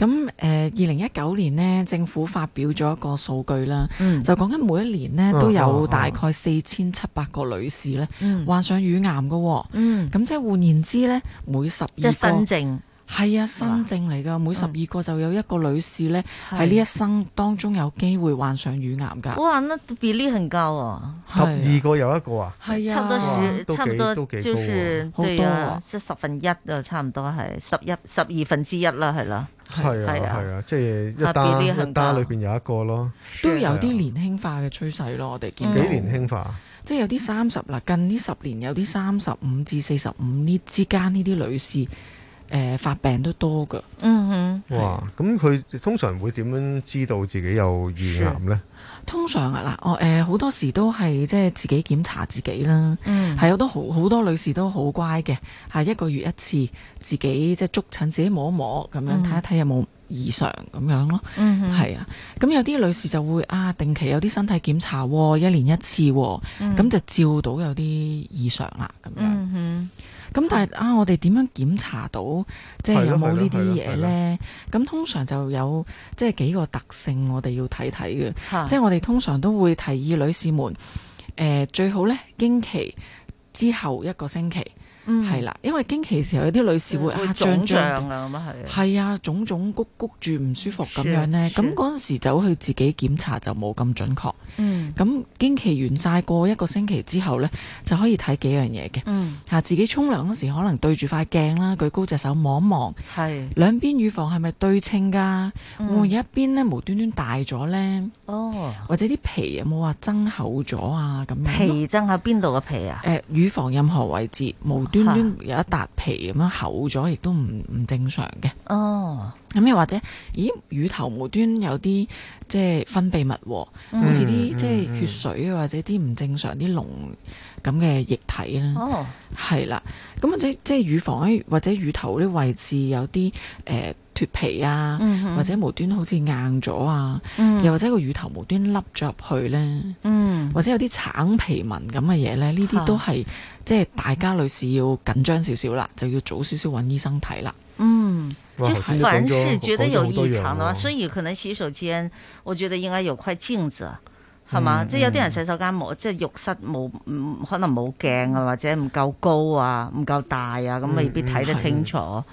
C: 咁誒，二零一九年呢，政府發表咗一個數據啦，就講緊每一年呢，都有大概四千七百個女士咧患上乳癌嘅。咁即係換言之咧，每十二個即係新症係啊，新症嚟嘅，每十二個就有一個女士咧喺呢一生當中有機會患上乳癌㗎。哇！
K: 得比例幾高啊！十二個有一個啊，
A: 係啊，差唔多差唔多，都幾多，即
K: 係十分一啊，差唔多係十一、十二分之一啦，係啦。係啊，係啊，即係一單面一
A: 單裏邊有一個咯，
C: 都有啲年輕化嘅趨勢咯，啊、我哋見到幾年輕化，嗯、即係有啲三十嗱，近呢十年有啲三十五至四十五呢之間呢啲女士。誒、呃，發病都多噶。嗯、mm、嗯 -hmm.。
A: 哇，咁佢通常會點樣知道自己有乳癌呢？
C: 通常啊，嗱、呃，哦，誒，好多時都係即係自己檢查自己啦。嗯、mm -hmm.。係有都好好多女士都好乖嘅，係一個月一次自己即係觸診自己摸一摸咁樣睇一睇有冇異常咁樣咯。嗯嗯。係啊，咁有啲女士就會啊，定期有啲身體檢查，一年一次，咁、mm -hmm. 就照到有啲異常啦，咁、mm -hmm. 樣。嗯哼。咁但係啊，啊，我哋點樣檢查到
E: 即係有冇呢啲嘢咧？
C: 咁通常就有即係幾個特性我看看，我哋要睇睇嘅。即係我哋通常都會提議女士們，呃，最好咧經期之後一個星期。嗯，係啦，因為經期時候有啲女士會啊脹脹啊啊係，係啊，腫腫谷谷住唔舒服咁樣呢。咁嗰陣時走去自己檢查就冇咁準確。咁經期完晒過一個星期之後呢，就可以睇幾樣嘢嘅。吓、嗯、自己沖涼嗰時可能對住塊鏡啦，舉高隻手望一望。係兩邊乳房係咪對稱噶？會、嗯、一邊呢無端端大咗呢，哦，或者啲皮有冇話增厚咗啊？咁樣皮
K: 增喺邊度嘅皮啊？
C: 誒、呃，乳房任何位置冇端端有一笪皮咁樣厚咗，亦都唔唔正常嘅。哦，咁又或者，咦，乳頭無端有啲即係分泌物、哦，好似啲即係血水或者啲唔正常啲膿咁嘅液體咧。哦，係啦，咁或者即係乳房或者乳頭啲位置有啲誒。呃脫皮啊，或者無端好似硬咗啊，mm -hmm. 又或者個乳頭無端凹咗入去咧，mm -hmm. 或者有啲橙皮紋咁嘅嘢呢，呢啲都係、mm -hmm. 即係大家女士要緊張少少啦，就要早少少揾醫生睇啦。嗯、mm -hmm.，即係凡事，覺得有異常嘅話、啊，所
K: 以可能洗手間我覺得應該有塊鏡子，係、mm、嘛 -hmm.？即係有啲人洗手間冇，即係浴室冇，可能冇鏡啊，或者唔夠高啊，唔夠大啊，咁未必睇得清楚。Mm -hmm.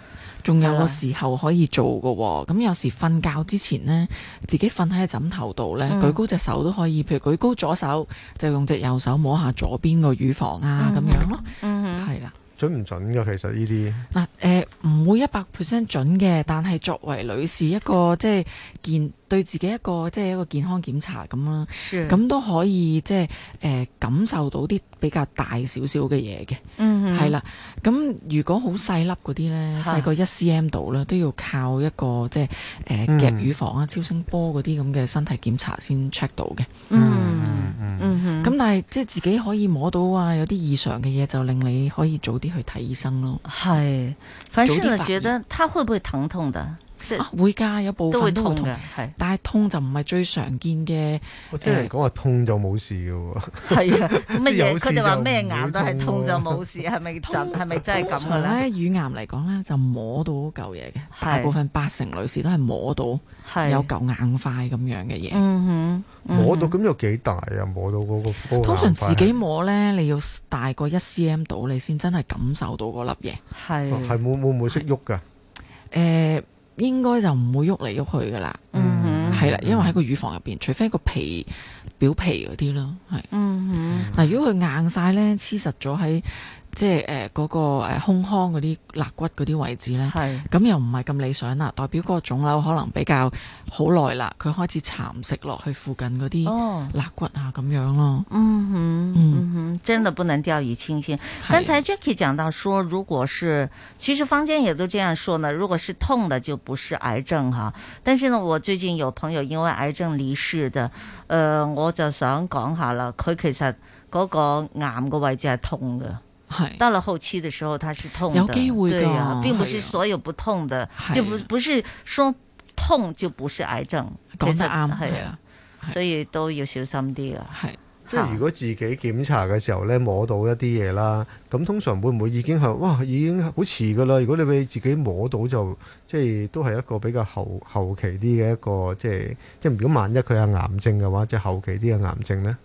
K: 仲有個時候可以做嘅喎，
C: 咁有時瞓覺之前呢，自己瞓喺枕頭度呢，舉高隻手都可以，譬如舉高左手就用隻右手摸下左邊個乳房啊，咁樣咯，嗯，係啦，
A: 準唔準㗎？其實呢啲
C: 嗱，誒唔會一百 percent 準嘅，但係作為女士一個即係健。對自己一個即係一個健康檢查咁啦，咁都可以即係誒感受到啲比較大少少嘅嘢嘅，係、嗯、啦。咁如果很小好細粒嗰啲咧，細過一 cm 度咧，都要靠一個即係誒、呃、夾乳房啊、嗯、超聲波嗰啲咁嘅身體檢查先 check 到嘅。嗯嗯咁、嗯、但係即係自己可以摸到啊，有啲異常嘅嘢就令你可以早啲去睇醫生咯。係，反正你覺
K: 得他會不會疼痛的？即、啊、係會
C: 噶，有部分都會痛，係。但係痛就唔係最常見嘅。我聽人講話痛就冇事嘅喎。係 啊，乜嘢佢就話咩癌都係痛就冇
K: 事，係咪真係咁噶？咧
C: 乳癌嚟講咧，就摸到嚿嘢嘅。大部分八成女士都係摸到有嚿硬塊咁樣嘅嘢。摸到咁有幾大
A: 啊？摸到嗰、那個、那個、通常自己
C: 摸咧，你要大過一 C M 到，你先真係感受到嗰粒嘢。係。係會
A: 會唔會識喐噶？
C: 誒、欸。應該就唔會喐嚟喐去噶啦，係啦，mm-hmm.，因為喺個乳房入邊，除非個皮表皮嗰啲咯，係。嗱如果佢硬晒咧，黐實咗喺。即係誒，嗰、呃那個誒胸、呃、腔嗰啲肋骨嗰啲位置咧，咁又唔係咁理想啦，代表嗰個腫瘤可能比較好耐啦，佢開始蠶食落去附近嗰啲肋骨啊
K: 咁、哦、樣咯。嗯哼，嗯哼，真的不能掉以輕心。剛才 Jackie 講到說，如果是,是其實坊間也都這樣說呢，如果是痛的就不是癌症哈。但是呢，我最近有朋友因為癌症離世嘅，誒、呃，我就想講下啦，佢其實嗰個癌個位置係痛嘅。到了後期的時候，它是痛的，有機會噶，對啊，並不是所有不痛的，的就不不是說痛就不是癌症，是的其實啱係啦，所以都要小心啲噶。係
A: 即係如果自己檢查嘅時候咧，摸到一啲嘢啦，咁通常會唔會已經係哇，已經好遲噶啦？如果你俾自己摸到就即係都係一個比較後後期啲嘅一個即係即係，如果萬一佢係癌症嘅話，即係後期啲嘅癌症
C: 咧。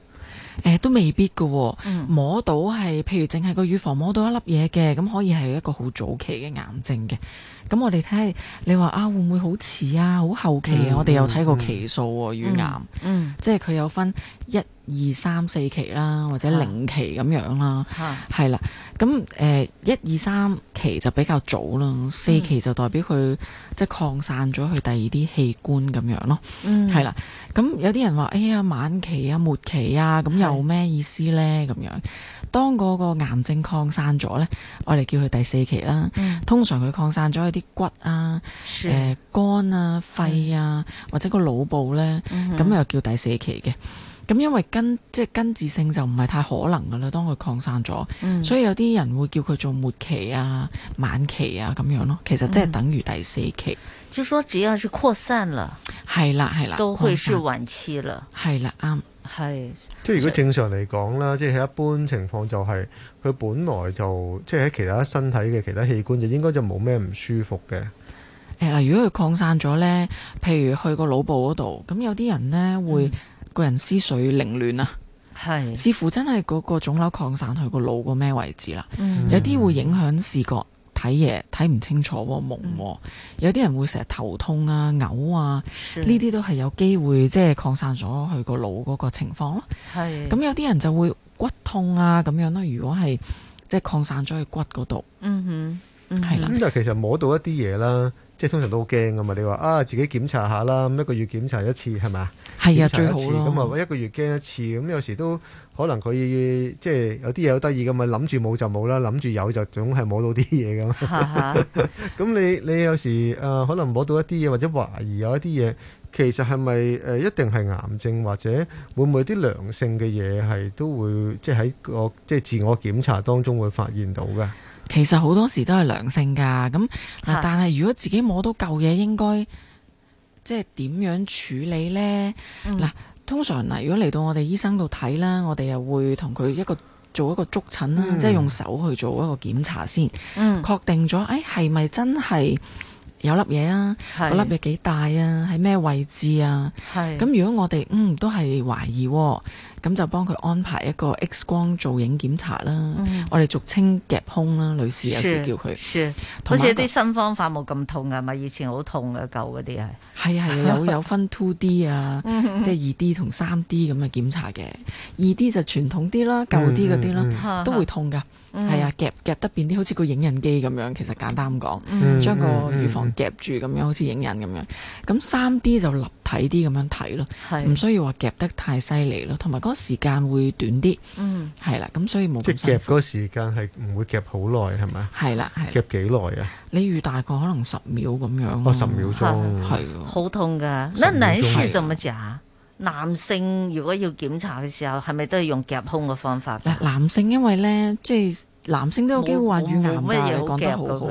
C: 誒、欸，都未必嘅、啊，嗯、摸到係，譬如淨係個乳房摸到一粒嘢嘅，咁可以係一個好早期嘅癌症嘅。咁我哋睇下，你話啊會唔會好遲啊？好、啊、後期，嗯、我哋有睇過期數，嗯、乳癌，嗯、即係佢有分一。二三四期啦，或者零期咁、啊、樣啦，係、啊、啦。咁誒、呃，一二三期就比較早啦，四期就代表佢即係擴散咗佢第二啲器官咁樣咯。嗯，係啦。咁、嗯、有啲人話，哎、欸、呀，晚期啊，末期啊，咁又咩意思呢？咁樣，當嗰個癌症擴散咗呢，我哋叫佢第四期啦。嗯、通常佢擴散咗一啲骨啊、誒、呃、肝啊、肺啊，嗯、或者個腦部呢，咁、嗯、又叫第四期嘅。咁因為根即係根治性就唔係太可能噶啦，當佢擴散咗、嗯，所以有啲人會叫佢做末期啊、晚期啊咁樣咯。其實即係等於第四期。嗯、
K: 就係話只要是擴散了，係啦係啦，都會是晚期了。係啦，啱，係。
A: 即係如果正常嚟講啦，即係一般情況就係佢本來就即係喺其他身體嘅其他器官就應該就冇咩唔舒服嘅。
C: 誒、嗯、嗱，如果佢擴散咗呢，譬如去個腦部嗰度，咁有啲人呢會。個人思緒凌亂啊，係似乎真係嗰個腫瘤擴散去個腦個咩位置啦、啊嗯，有啲會影響視覺睇嘢睇唔清楚、啊，蒙、啊嗯；有啲人會成日頭痛啊、嘔啊，呢啲都係有機會即係擴散咗去個腦嗰個情況咯、啊。係、
G: 嗯、咁有
C: 啲人就會骨痛啊咁樣咯、啊。如果係即係擴散咗去骨嗰度，嗯哼，
G: 係、嗯、啦。咁但
A: 係其實摸到一啲嘢啦，即係通常都好驚噶嘛。你話啊，自己檢查一下啦，咁、那、一個月檢查一次係咪？是係啊，最好咯。咁啊，一個月驚一次，咁有時都可能佢即係有啲嘢好得意，咁咪諗住冇就冇啦，諗住有就總係摸到啲嘢咁。咁你你有時誒，可能摸到一啲嘢或者懷疑有一啲嘢，其實係咪誒一定係癌症，或者會唔會啲良性嘅嘢係都會即係喺個即係自我檢查當中會發現到噶？
C: 其實好多時都係良性噶，咁但係如果自己摸到舊嘢，應該。即係點樣處理呢？嗱、嗯，通常嗱，如果嚟到我哋醫生度睇啦，我哋又會同佢一個做一個觸診啦，嗯、即係用手去做一個檢查先，嗯、確定咗，誒、哎，係咪真係有粒嘢啊？嗰粒嘢幾大啊？喺咩位置啊？係咁，如果我哋嗯都係懷疑、啊。咁就幫佢安排一個 X 光造影檢查啦，嗯、我哋俗稱夾胸啦，女
K: 士有時叫佢、嗯。好似啲新方法冇咁痛，痛係係啊，咪以前好痛呀，舊嗰啲啊。
C: 係啊係啊，有有分 two D 啊，即係二 D 同三 D 咁嘅檢查嘅。二 D 就傳統啲啦，嗯、舊啲嗰啲啦、嗯嗯，都會痛
E: 㗎。係、嗯、啊，嗯、
C: 夾夾得變啲，好似個影印機咁樣，其實簡單講、嗯，將個乳房夾住咁、嗯、樣，好似影印咁樣。咁三 D 就立體啲咁樣睇咯，唔需要話夾得太犀利咯。同埋時間會短啲，嗯，係啦，咁所以冇即夾嗰個時間係唔會夾好耐，係咪？係啦，係夾幾耐啊？你預大概可能十秒咁樣，哦，十秒鐘，係啊，
K: 好痛噶。那男士做乜嘢啊？男性如果要檢查嘅時候，係咪都係用夾胸嘅方法？嗱，
C: 男性因為咧，即係男性都有機會話乳癌噶，你講得好好。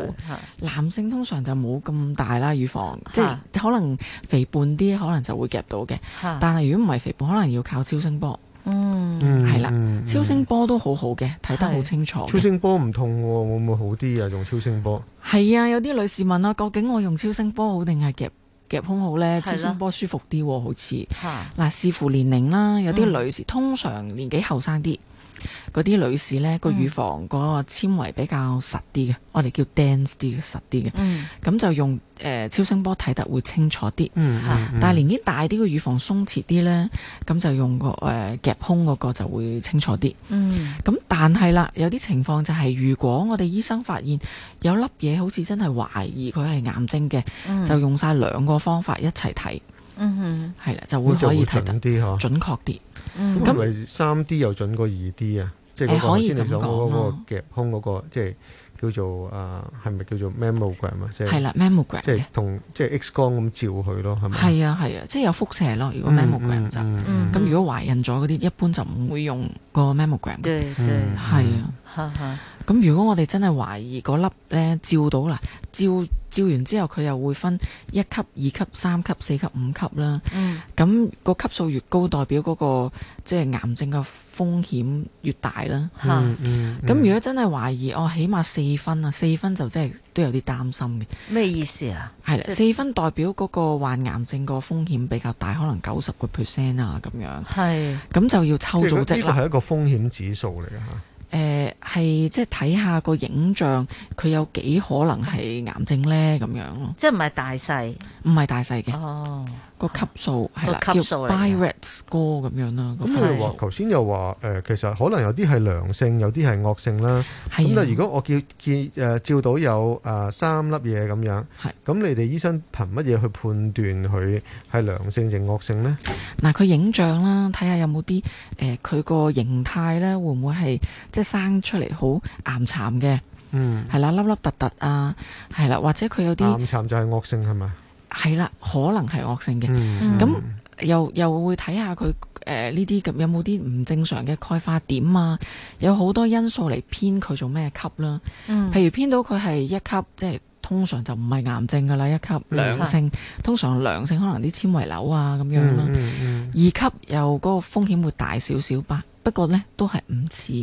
C: 男性通常就冇咁大啦，乳房，即係可能肥胖啲，可能就會夾到嘅。但係如果唔係肥胖，可能要靠超聲波。嗯，係啦、嗯，超聲波都好好嘅，睇、嗯、得好清楚。超
A: 聲波唔痛、啊，會唔會好啲啊？用超聲波
C: 係啊，有啲女士問啦、啊，究竟我用超聲波好定係夾夾胸好呢？超聲波舒服啲、啊，好似嗱、啊，視乎年齡啦。有啲女士、嗯、通常年紀後生啲。嗰啲女士呢個乳房個纖維比較實啲嘅、嗯，我哋叫 dense 啲嘅實啲嘅，咁、嗯、就用誒、呃、超聲波睇得會清楚啲。嗯，嗯啊、但係年紀大啲個乳房鬆弛啲呢，咁就用、嗰個誒夾、呃、胸嗰個就會清楚啲。
G: 嗯，
C: 咁但係啦，有啲情況就係、是、如果我哋醫生發現有粒嘢，好似真係懷疑佢係癌症嘅、嗯，就用晒兩個方法一齊睇。嗯係、嗯、啦，就會可以睇得、嗯、準確啲、啊。咁嚟
A: 三 D 又準過二 D 啊？即係嗰個先嚟講嗰個夾胸嗰個，即係叫做啊，係咪叫做 mammogram 啊？即係啦 mammogram 即係同即係 X 光咁照佢咯，係咪？係
C: 啊係啊，即係有輻射咯。如果 mammogram
A: 就咁，如
C: 果懷孕咗嗰啲，一般就唔會用個 mammogram 對啊。咁如果我哋真係懷疑嗰粒呢，照到啦，照照完之後佢又會分一級、二級、三級、四級、五級啦。咁、嗯、個級數越高，代表嗰、那個即係、就是、癌症嘅風險越大啦。咁、嗯嗯、如果真係懷疑，哦，起碼四分啊，四分就真係都有啲擔心嘅。
K: 咩意思啊？係啦，四、就是、
C: 分代表嗰個患癌症個風險比較大，可能九十個 percent 啊咁樣。係，咁就要抽組織啦。係佢呢一
A: 個風險指數嚟嘅。
C: 誒係即係睇下個影像，佢有幾可能係癌症呢？咁樣咯，即係唔係大細，唔係大細嘅。哦。個級數係啦，叫 BI-RADS 歌咁樣啦。咁你話頭
A: 先又話誒，其實可能有啲係良性，有啲係惡性啦。咁啊，如果我見見誒照到有誒三粒嘢咁樣，係咁你哋醫生憑乜嘢去判斷佢係良性定惡性咧？
C: 嗱，佢影像啦，睇下有冇啲誒，佢個形態咧會唔會係即係生出嚟好巖巉嘅？嗯，係啦，凹凹凸凸啊，係啦，或者佢有啲巖巉就係惡性係咪？係啦，可能係惡性嘅，咁、嗯、又又會睇下佢誒呢啲咁有冇啲唔正常嘅鈣化點啊？有好多因素嚟編佢做咩級啦、嗯。譬如編到佢係一級，即係通常就唔係癌症噶啦，一級良性、嗯，通常良性可能啲纖維瘤啊咁樣啦。二、嗯嗯嗯、級又嗰個風險會大少少吧。不過呢，都係唔似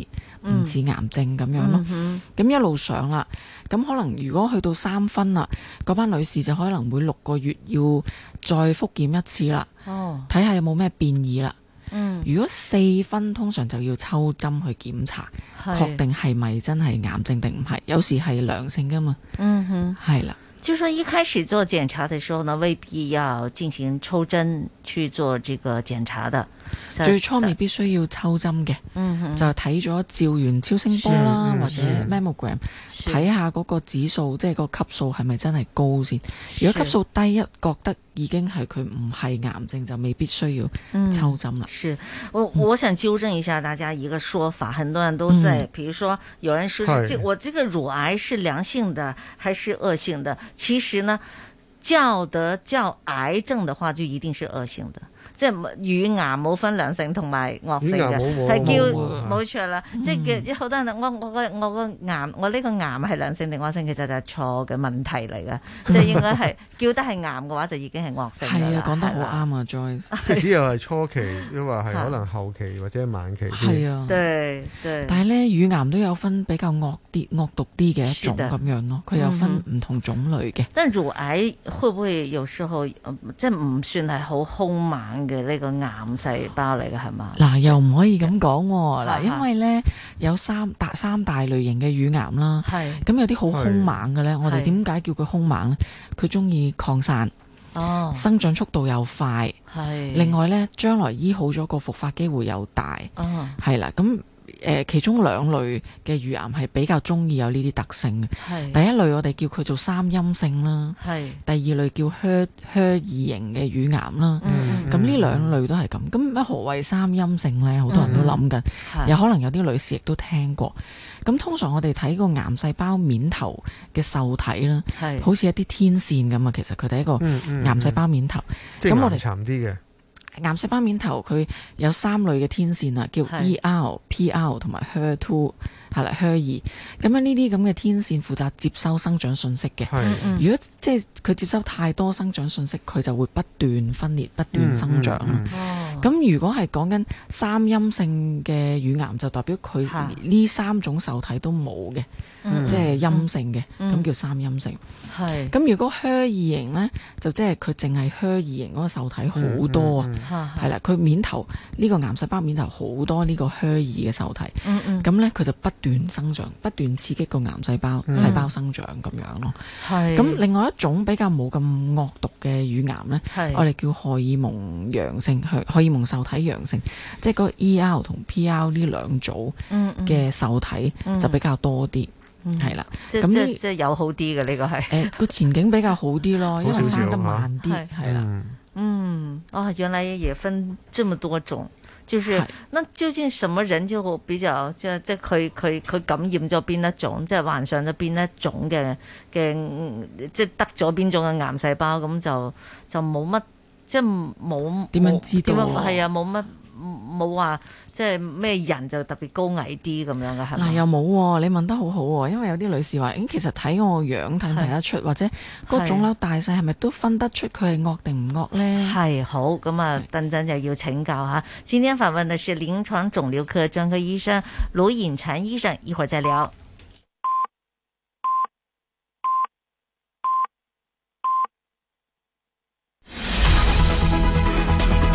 C: 唔似癌症咁樣咯。咁、嗯嗯、一路上啦，咁可能如果去到三分啦，嗰班女士就可能每六個月要再複檢一次啦。睇、哦、下有冇咩變異啦。如果四分通常就要抽針去檢查，
K: 確、嗯、定
C: 係咪真係癌症定唔係？有時係良性噶嘛。嗯哼，係啦。
K: 就說一開始做檢查嘅時候，呢未必要進行抽針去做這個檢查的。最初未必需要
C: 抽針嘅、嗯，就睇咗照完超聲波啦，或者 mammogram 睇下嗰個指數，即、就、係、是、個級數係咪真係高先？如果級數低一，覺得
K: 已經係佢唔係癌症，就未必需要抽針啦、嗯。我想糾正一下大家一個說法，嗯、很多人都在，比如說有人說是是：，我這個乳癌是良性的還是惡性的？其實呢，叫得叫癌症的話，就一定是惡性的。即係乳癌冇分良性同埋惡性嘅，係叫冇、啊、錯啦。嗯、即係叫好多人我我個我個癌，我呢個癌係良性定惡性，其實就係錯嘅問題嚟嘅。 即係應該係叫得係癌嘅話，就已經係惡性的。係啊，講得好
C: 啱啊，Joyce。即使
A: 又係初期，亦或係可能後期或者
K: 晚期。係啊，啊，對，對。但
C: 係咧，乳癌都有分比較惡啲、惡毒啲嘅一種咁樣咯。佢有分唔同種類嘅、嗯
K: 嗯。但係乳癌會唔會有時候、嗯、即係唔算係好兇猛？
C: 嘅呢個癌細胞嚟嘅係嘛？嗱，又唔可以咁講喎，嗱， 因為咧有三大三大類型嘅乳癌啦，咁有啲好兇猛嘅咧，我哋點解叫佢兇猛咧？佢中意擴散、哦，生長速度又快，
G: 另外
C: 咧將來醫好咗個復發機會又大，係、哦、啦，咁。誒、呃，其中兩類嘅乳癌係比較中意有呢啲特性嘅。第一類我哋叫佢做三陰性啦。第二類叫 HER2 型嘅乳癌啦。咁呢兩類都係咁。咁、嗯、乜何謂三陰性咧？好多人都諗緊，有、嗯、可能有啲女士亦都聽過。咁通常我哋睇個癌細胞面頭嘅受體啦，係好似一啲天線咁啊。其實佢哋一個癌細胞面頭，嗯嗯嗯那我們嗯嗯嗯、即係那我哋尋啲嘅。岩色斑面頭佢有三類嘅天線啊，叫 ER PR 同埋 HER2 係啦 HER2，咁樣呢啲咁嘅天線負責接收生長信息嘅。如果即係佢接收太多生長信息，佢就會不斷分裂、不斷生長。嗯嗯嗯嗯咁如果係講緊三陰性嘅乳癌，就代表佢呢三種受體都冇嘅，即、嗯、係、就是、陰性嘅，咁、嗯、叫三陰性。係，咁如果 HER2 型咧，就即係佢淨係 HER2 型嗰個受體好多啊，係、嗯、啦，佢、嗯嗯、面頭呢、呢個癌細胞面頭好多呢個 HER2 嘅受體，咁咧佢就不斷生長，不斷刺激個癌細胞、嗯、細胞生長咁樣咯。係咁，另外一種比較冇咁惡毒嘅乳癌咧，我哋叫荷爾蒙陽性去受體陽性，即係嗰個 ER 同 PR 呢兩組嘅受體就比較多啲，係、嗯、啦、嗯嗯。即係即
K: 係即係有好啲嘅呢個係。誒、哎，這個
C: 前景比較好啲咯， 因為生得慢啲，
K: 係啦。嗯，哦，原來也分這麼多種，就是，是，那究竟什麼人就比較即係即係佢佢佢感染咗邊一種，即、就、係、是、患上咗邊一種嘅嘅，即係、嗯就是、得咗邊種嘅癌細胞，咁就就冇乜。即係冇點樣知道？係啊，冇乜冇話即係咩人就特別高矮啲咁樣嘅係咪？嗱，又
C: 冇喎、啊。你問得好好、啊、喎，因為有啲女士話：，
K: 誒，其實睇我樣睇唔睇得出，或者個腫瘤大細係咪都分得出佢係惡定唔惡咧？係好，咁啊，等陣就要請教下。今天訪問的是臨牀腫瘤科專科醫生羅延嬋醫生，一會再聊。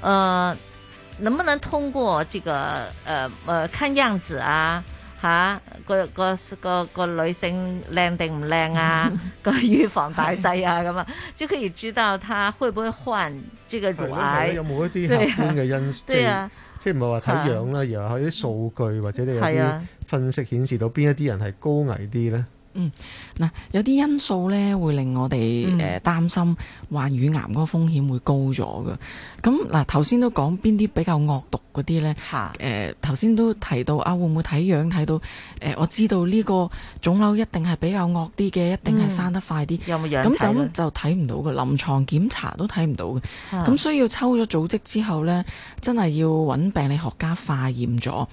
K: 誒、呃，能不能通過這個誒誒、呃呃，看樣子啊，吓個個個個女性靚定唔靚啊， 個乳房大細啊咁啊，就可以知道她會不會患這個乳癌？ 有
A: 冇一啲客觀嘅因素，係、啊、即係唔係話睇樣啦，uh，而係啲數據或者你有啲分析顯示到邊一啲人係高危啲咧？
C: 嗯，嗱、啊，有啲因素咧，會令我哋誒擔心患乳癌嗰個風險會高咗嘅。咁嗱，頭先都講邊啲比較惡毒嗰啲咧？吓、啊，誒、呃，頭先都提到啊，會唔會睇樣睇到？誒、呃，我知道呢個腫瘤一定係比較惡啲嘅，一定係生得快啲、嗯。有冇樣睇咁就咁就睇唔到嘅，臨床檢查都睇唔到嘅。咁、啊、需要抽咗組織之後咧，真係要揾病理學家化驗咗，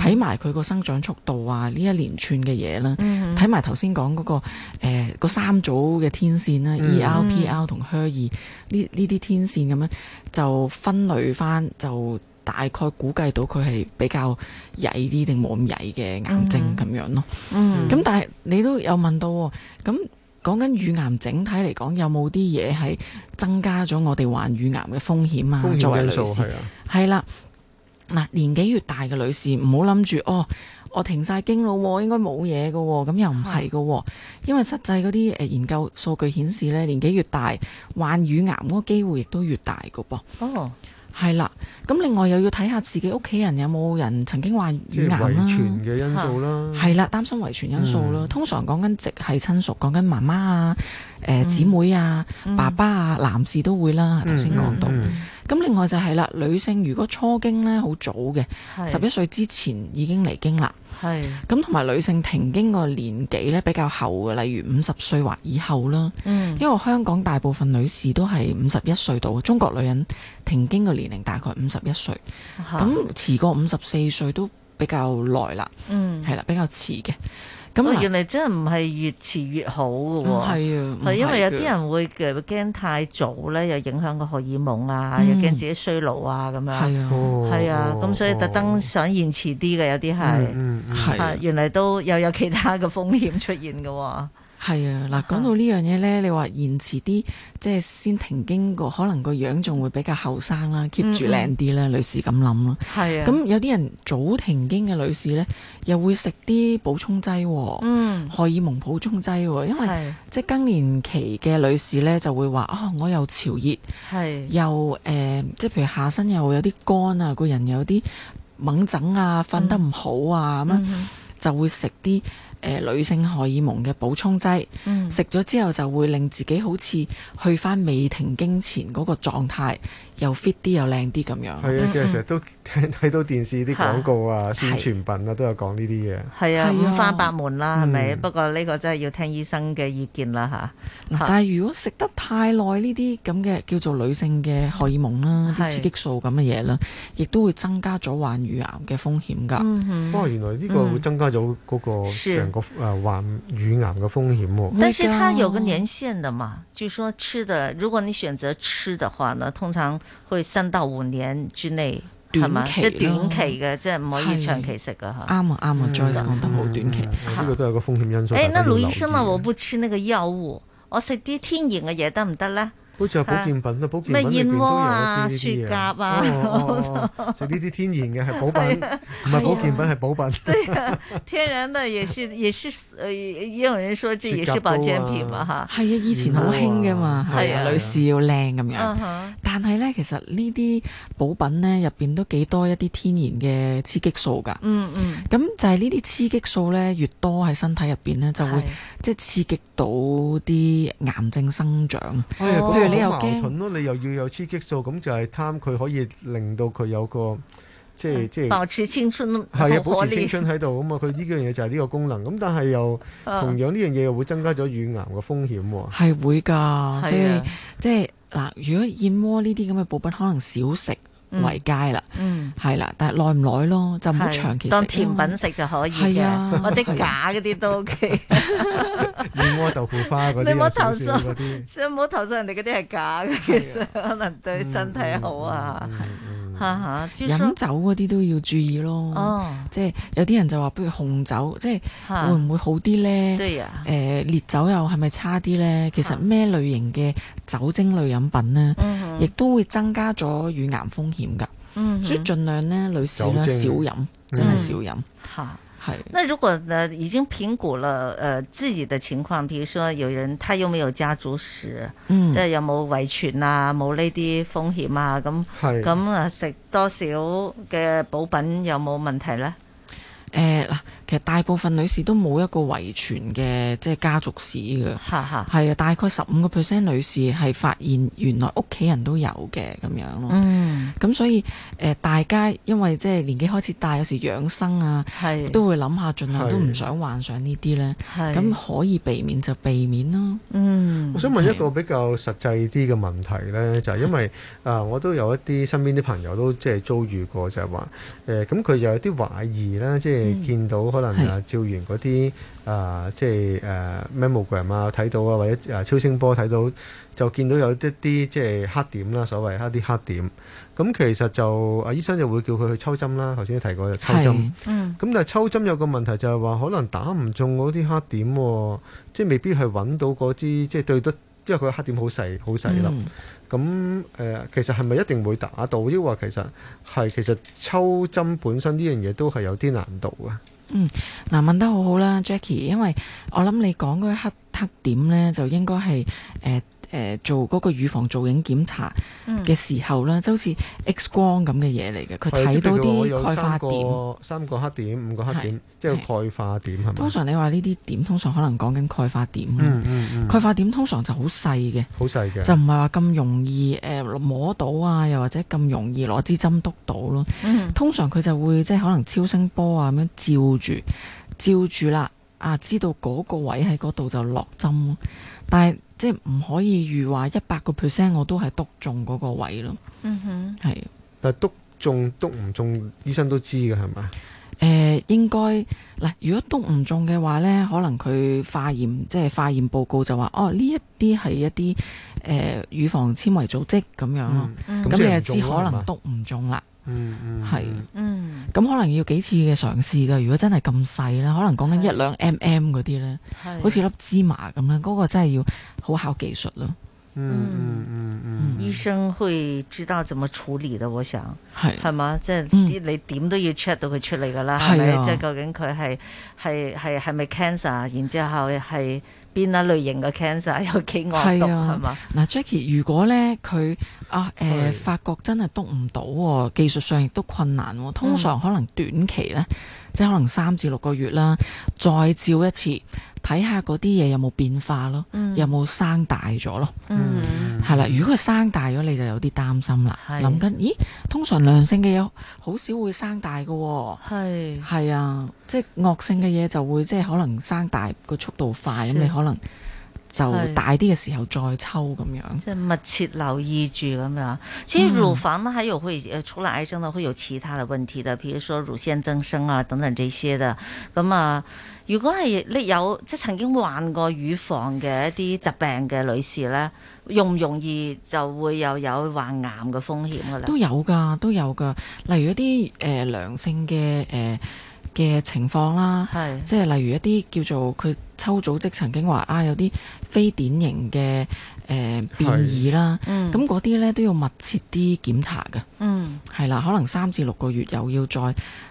G: 睇埋
C: 佢個生長速度啊，呢一連串嘅嘢啦，睇埋頭先。嗯先講嗰、那個、欸、三組嘅天線啦 ER、PR 同 HER2，呢呢啲天線咁樣就分類返，就大概估計到佢係比較曳啲定冇咁曳嘅癌症咁樣咯。嗯，咁、嗯嗯、但係你都有問到，咁講緊乳癌整體嚟講，有冇啲嘢係增加咗我哋患乳癌嘅風險啊？風險、作為因素係啊，係啦，嗱，年紀越大嘅女士唔好諗住哦。我停晒經咯喎，應該冇嘢㗎喎，咁又唔係㗎喎，因為實際嗰啲研究數據顯示咧，年紀越大，患乳癌嗰個機會亦都越大㗎噃。哦，係啦，咁另外又要睇下自己屋企人有冇人曾經患乳癌啦。遺傳嘅因素啦、啊，係啦，擔心遺傳因素啦、嗯，通常講緊直係親屬，講緊媽媽啊、誒、呃、姊妹啊、嗯、爸爸啊、嗯，男士都會啦，頭先講到。咁、嗯嗯嗯、另外就係、是、啦，女性如果初經咧好早嘅，十一歲之前已經嚟經啦。係，咁同埋女性停經個年紀咧比較後嘅，例如五十歲或以後啦。嗯，因為香港大部分女士都係五十一歲到，中國女人停經個年齡大概五十一歲，咁、啊、遲過五十四歲都比較耐
K: 啦。嗯，係啦，比較遲嘅。喂，原來真係唔係越遲越好嘅喎，係啊，係因為有啲人會嘅驚太早咧，又影響個荷爾蒙啊，嗯、又驚自己衰老啊咁樣，係啊，係啊，咁、哦啊、所以特登想延遲啲嘅有啲係，係、嗯嗯啊、原來都又有其他嘅風險出現嘅喎、啊。係啊，嗱，講
C: 到呢樣嘢咧，你話延遲啲，即係先停經過，可能個樣仲會比較後生啦，keep 住靚啲咧，女士咁諗咯。係啊，咁有啲人早停經嘅女士咧，又會食啲補充劑，嗯，荷爾蒙補充劑，因為即係更年期嘅女士咧，就會話啊、哦，我又潮熱，係，又誒、呃，即係譬如下身又有啲乾啊，個人有啲矇盛啊，瞓得唔好啊咁、嗯、樣，就會食啲。呃、女性荷爾蒙嘅補充劑，嗯、食咗之後就會令自己好似去翻未停經前嗰個狀態。又
K: fit 啲又靚啲咁樣，係、嗯、啊，即係
A: 成日都睇睇、嗯、到電視啲廣告啊、宣傳品啊，都
C: 有講呢啲嘢，係啊，五花八
K: 門啦，係、嗯、咪？不過呢個真係要聽醫生嘅意見啦，吓、嗯。嗱、啊，但係
C: 如果食得太耐呢啲咁嘅叫做女性嘅荷爾蒙啦、啊、啲、嗯、刺激素咁嘅嘢啦，亦都會增加咗患乳癌嘅風險噶。不過、嗯嗯哦、原
A: 來呢個會增加咗嗰個成個患乳癌嘅風險喎、啊。但是它有
K: 個年限嘅嘛，就說吃的，如果你選擇吃嘅話呢，呢通常。去三到五年之內，係嘛？即短期嘅，即唔的可以長期食噶嚇。啱啊啱啊、嗯、Joyce 講得
A: 好短期，呢個都係個風險因素。誒、嗯，那盧醫生啊，
K: 我不吃那個藥物，我食啲天然嘅嘢得唔得咧？好似有保健
A: 品啦、啊，保健品入邊燕窩啊，啊，雪蛤啊，呢、oh, 啲、oh, oh, oh, 天然嘅係補品，唔、哎、係保健品係補、哎、品。
K: 對品哎、 天然嘅也是也是誒，呃、也有人說這也是保健品嘛，
C: 吓係啊，啊，啊，以前好興噶嘛，係啊、哎，女士要靚咁樣、哎。
K: 但係咧，其實這
C: 些保品呢啲補品咧入邊都幾多一啲天然嘅雌激素噶。嗯嗯。咁、嗯、就係呢啲雌激素咧，越多喺身體入邊咧，就會、哎、即係刺激到啲癌症生長。哎
A: 你有矛盾咯、啊，你又要有雌激素，咁就係貪佢可以令到佢有個即係即係保持
K: 青春，係啊，保持青春喺
A: 度咁啊。佢呢樣嘢就係呢個功能，咁但係又、啊、同樣呢樣嘢又會增加咗乳癌嘅風險、啊。
C: 係會噶，所以、啊、即係嗱，如果燕窩呢啲咁嘅補品，可能少食。嗯、為佳啦，係啦、嗯，但係耐唔耐咯，就唔好長期當甜品
K: 食就可以嘅，啊、或者假嗰啲都 O K。燕
C: 窩豆腐花啲，
K: 你唔好投訴嗰啲，唔好投訴人哋嗰啲係假嘅，其實、啊、 可能對身體好啊。嗯嗯嗯嗯嗯嗯吓飲 酒
C: 嗰啲都要注意咯，哦、即係有啲人就話，比如紅酒，啊、即係會唔會好啲呢？誒、啊呃、烈酒又係咪差啲呢、啊？其實咩類型嘅酒精類飲品呢，亦、嗯、都會增加咗乳癌風險㗎、嗯。所以儘量咧，女士咧少飲，真係少飲。嗯嗯嗯
K: 那如果呢已經評估了，誒、呃、自己的情況，譬如說有人他有冇家族史，嗯，即有冇遺傳啊，冇呢啲風險啊，咁咁啊食多少嘅補品有冇問題咧？
C: 誒、呃、嗱，其實大部分女士都冇一個遺傳嘅即係家族史㗎，係 啊，大概十五個 percent 女士係發現原來屋企人都有嘅咁樣咯。咁、嗯、所以誒、呃，大家因為即係年紀開始大，有時養生啊，都會諗下，儘量都唔想患上呢啲咧。咁可以避免就避免咯。嗯，我想問
A: 一個比較實際啲嘅問題咧，就係、是、因為啊、 呃，我都有一啲身邊啲朋友都即係遭遇過，就係話誒，咁佢又有啲懷疑啦，即係。你見到可能啊，照完嗰啲啊，即係誒 mammogram 啊，睇到啊，或者啊超聲波睇到，就見到有一啲即係黑點啦，所謂黑啲黑點。咁其實就啊醫生就會叫佢去抽針啦。頭先都提過抽針。嗯。咁但係抽針有個問題就係話，可能打唔中嗰啲黑點喎，即係未必係揾到嗰支，即係對得，因為佢個黑點好細，好細粒。咁、嗯、誒、呃，其實係咪一定會打到？抑或其實係其實抽針本身呢樣嘢都係有啲難度嘅。
C: 嗯，嗱、啊、問得好好啦，Jackie，因為我諗你講嗰一刻黑點呢，就應該係誒。呃誒、呃、做嗰個預防造影檢查嘅時候啦、嗯，就好似 X 光咁嘅嘢嚟嘅，佢睇到啲鈣化點三。
A: 三個黑點，五個黑點，是即係鈣化點係通常你
C: 話呢啲點，通常可能講緊鈣化點。嗯嗯嗯，鈣化點通常就好細嘅，
A: 好細
G: 嘅，就
C: 唔係話咁容易誒、呃、摸到啊，又或者咁容易攞支針篤到咯。嗯嗯，通常佢就會即係可能超聲波啊咁樣照住，照住啦啊，知道嗰個位喺嗰度就落針、啊，但係。即係唔可以預話一百個 percent 我都係篤中嗰個位咯，嗯哼，係。但係篤中
A: 篤唔中，醫生都知嘅係咪？誒、
C: 呃，應該嗱、呃，如果督唔中嘅話咧，可能佢化驗即係化驗報告就話哦，呢一啲係一啲誒乳房纖維組織咁樣咯，咁、嗯嗯嗯、你就知可能督唔中啦。嗯嗯、mm -hmm.，係，嗯，咁可能要幾次嘅嘗試噶，如果真係咁細啦，可能講緊一兩 mm 嗰啲咧，好似粒芝麻咁樣，嗰、那個真係要
K: 好考技術咯。嗯嗯
G: 嗯
K: 嗯，醫生會知道怎麼處理的，我想係，係嘛，即係、就是、你點都要 check 到佢出嚟噶啦，係咪？即係、就是、究竟佢係係係係咪 cancer？然之後係。邊一類型嘅 cancer 有幾惡毒係嘛？
C: 嗱、啊啊、，Jackie，如果咧佢啊發覺、呃、真係督唔到，技術上亦都困難，通常可能短期咧。嗯即係可能三至六個月啦，再照一次，睇下嗰啲嘢有冇變化咯、嗯，有冇生大咗咯？係、嗯、啦，如果佢生大咗，你就有啲擔心啦，諗緊咦？通常良性嘅嘢好少會生大嘅喎，係係啊，即係惡性嘅嘢就會即係可能生大個速度快，咁你可能。就大
K: 啲嘅時候再抽咁樣，即係密切留意住咁樣。至於乳房咧，係有會誒，除了癌症咧，會有其他嘅問題嘅，譬、嗯、如說乳腺增生啊等等這些嘅。咁啊，如果係你有即係曾經患過乳房嘅一啲疾病嘅女士咧，容唔容易就會又有，有患癌嘅風險噶啦？都有
C: 噶，都有噶。例如一啲誒、呃、良性嘅誒嘅情況啦，係即係例如一啲叫做佢抽組織曾經話啊，有啲。非典型嘅誒變異啦，咁嗰啲咧都要密切啲檢查嘅，係、嗯、啦，可能三至六個月又要再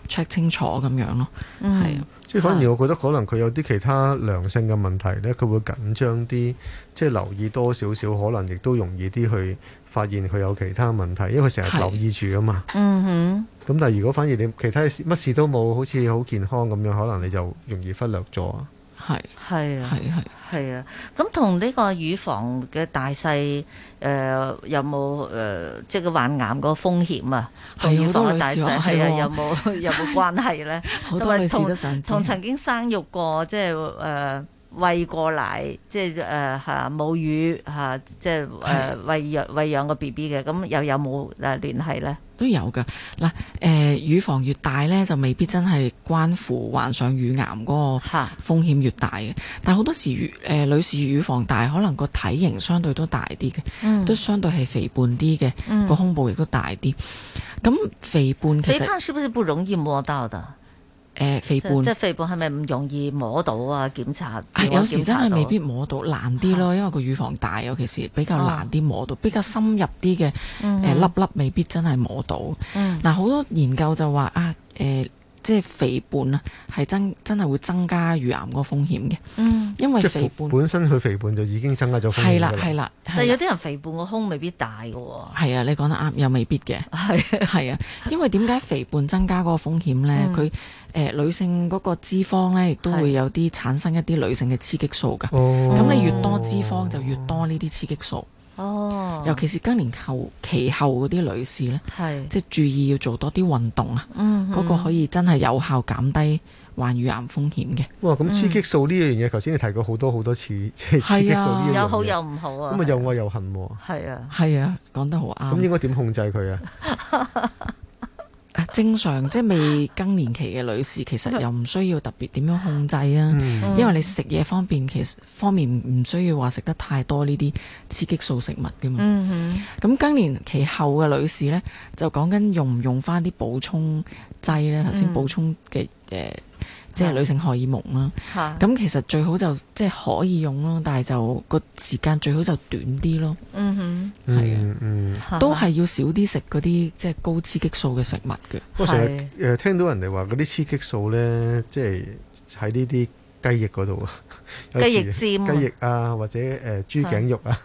C: check 清楚咁樣咯，係、嗯、啊。即係反而
A: 我覺得可能佢有啲其他良性嘅問題咧，佢會緊張啲，即、就、係、是、留意多少少，可能亦都容易啲去發現佢有其他問題，因為佢成日留意住啊嘛。嗯哼。咁但係如果反而你其他乜事，事都冇，好似好健康咁樣，可能你就容易忽略咗啊。
K: 係係啊係係。係啊，咁同呢個乳房嘅大細，誒、呃、有冇誒、呃、即係個患癌個風險啊？同、啊、乳房嘅大細，係啊，啊，有冇有冇關係咧？同埋同曾經生育過，即係誒。呃餵過奶，即係誒吓，母乳吓，即係誒、呃、餵養餵養個 B B 嘅，咁又有冇誒聯繫咧？
C: 都有噶，嗱、呃、誒，乳房越大咧，就未必真係關乎患上乳癌嗰個風險越大嘅。但係好多時，誒、呃、女士乳房大，可能個體型相對都大啲嘅，嗯，都相對係肥胖啲嘅，個，嗯、胸部亦都大
K: 啲。咁
C: 肥胖其實，肥胖
K: 是不是不容易摸到的？
C: 誒、呃、肥胖，即係
K: 肥胖係咪唔容易摸到啊？檢查，檢查、啊、有時真係未必
C: 摸到，難啲咯、啊，因為個乳房大，尤其是比較難啲摸到、啊，比較深入啲嘅、呃、粒粒未必真係摸到。嗱、嗯，好、啊、多研究就話啊，呃即係肥胖啊，係增真係會增加乳癌嗰個風險嘅。嗯，
K: 因為肥胖本
C: 身佢肥胖就已經增加咗風險。係啦，係啦，但
K: 係有啲人肥胖個胸未必大嘅喎、
C: 哦。係啊，你講得啱，又未必嘅。係係啊，因為點解肥胖增加嗰個風險咧？佢、嗯、誒、呃、女性嗰個脂肪咧，亦都會有啲產生一啲女性嘅雌激素㗎。咁、嗯、你越多脂肪就越多呢啲雌激素。哦，尤其是更年期後嗰啲女士咧，係即係注意要做多啲運動啊，嗰、嗯嗰個可以真係有效減低患乳癌風險嘅。哇，
A: 咁雌激素呢樣嘢，頭、嗯、先你提過好多好多次，即係、啊、雌激素呢樣
K: 嘢，有好有唔好啊。咁啊，又
C: 愛又恨喎。係啊，係啊，講、啊、得好啱。咁應該點控制佢啊？ 正常即係未更年期嘅女士，其實又唔需要特別點樣控制啊、嗯，因為你食嘢方面其實方面唔需要話食得太多呢啲雌激素食物噶嘛。咁、嗯、更年期後嘅女士呢，就講緊用唔用返啲補充劑呢？頭先補充嘅誒。嗯即係女性荷爾蒙啦，咁其實最好就即係可以用咯，但係就個時間最好就短啲咯。嗯哼，係啊、嗯嗯，
G: 都係
C: 要少啲食嗰啲即係高雌激素嘅食物嘅。不過成
A: 日誒聽到人哋話嗰啲雌激素咧，即係喺呢啲雞翼嗰度啊。雞翼尖、雞翼啊，或者誒、呃、豬頸肉啊，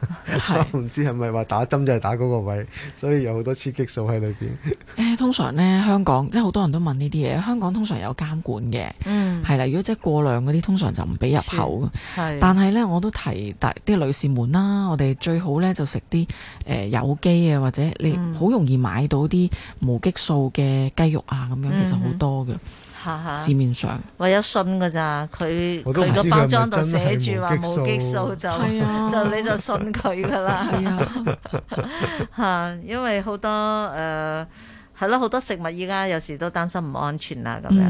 A: 都唔知係咪話打針就係打嗰個位，所以有好多刺激素喺裏邊。
C: 誒、欸，通常咧香港即係好多人都問呢啲嘢，香港通常有監管嘅，係、嗯、啦。如果即係過量嗰啲，通常就唔俾入口。係。但係咧，我都提大啲女士們啦，我哋最好咧就食啲誒有機啊，或者你好容易買到啲無激素嘅雞肉啊，咁樣其實好多嘅。嗯。哈哈，市面上
K: 唯有信，噶咋，佢佢個包裝度寫住話冇激素就 就你就信佢噶、 呃、啦，吓，因為好多誒係咯，好多食物依家有時都擔心唔安全啊咁、嗯、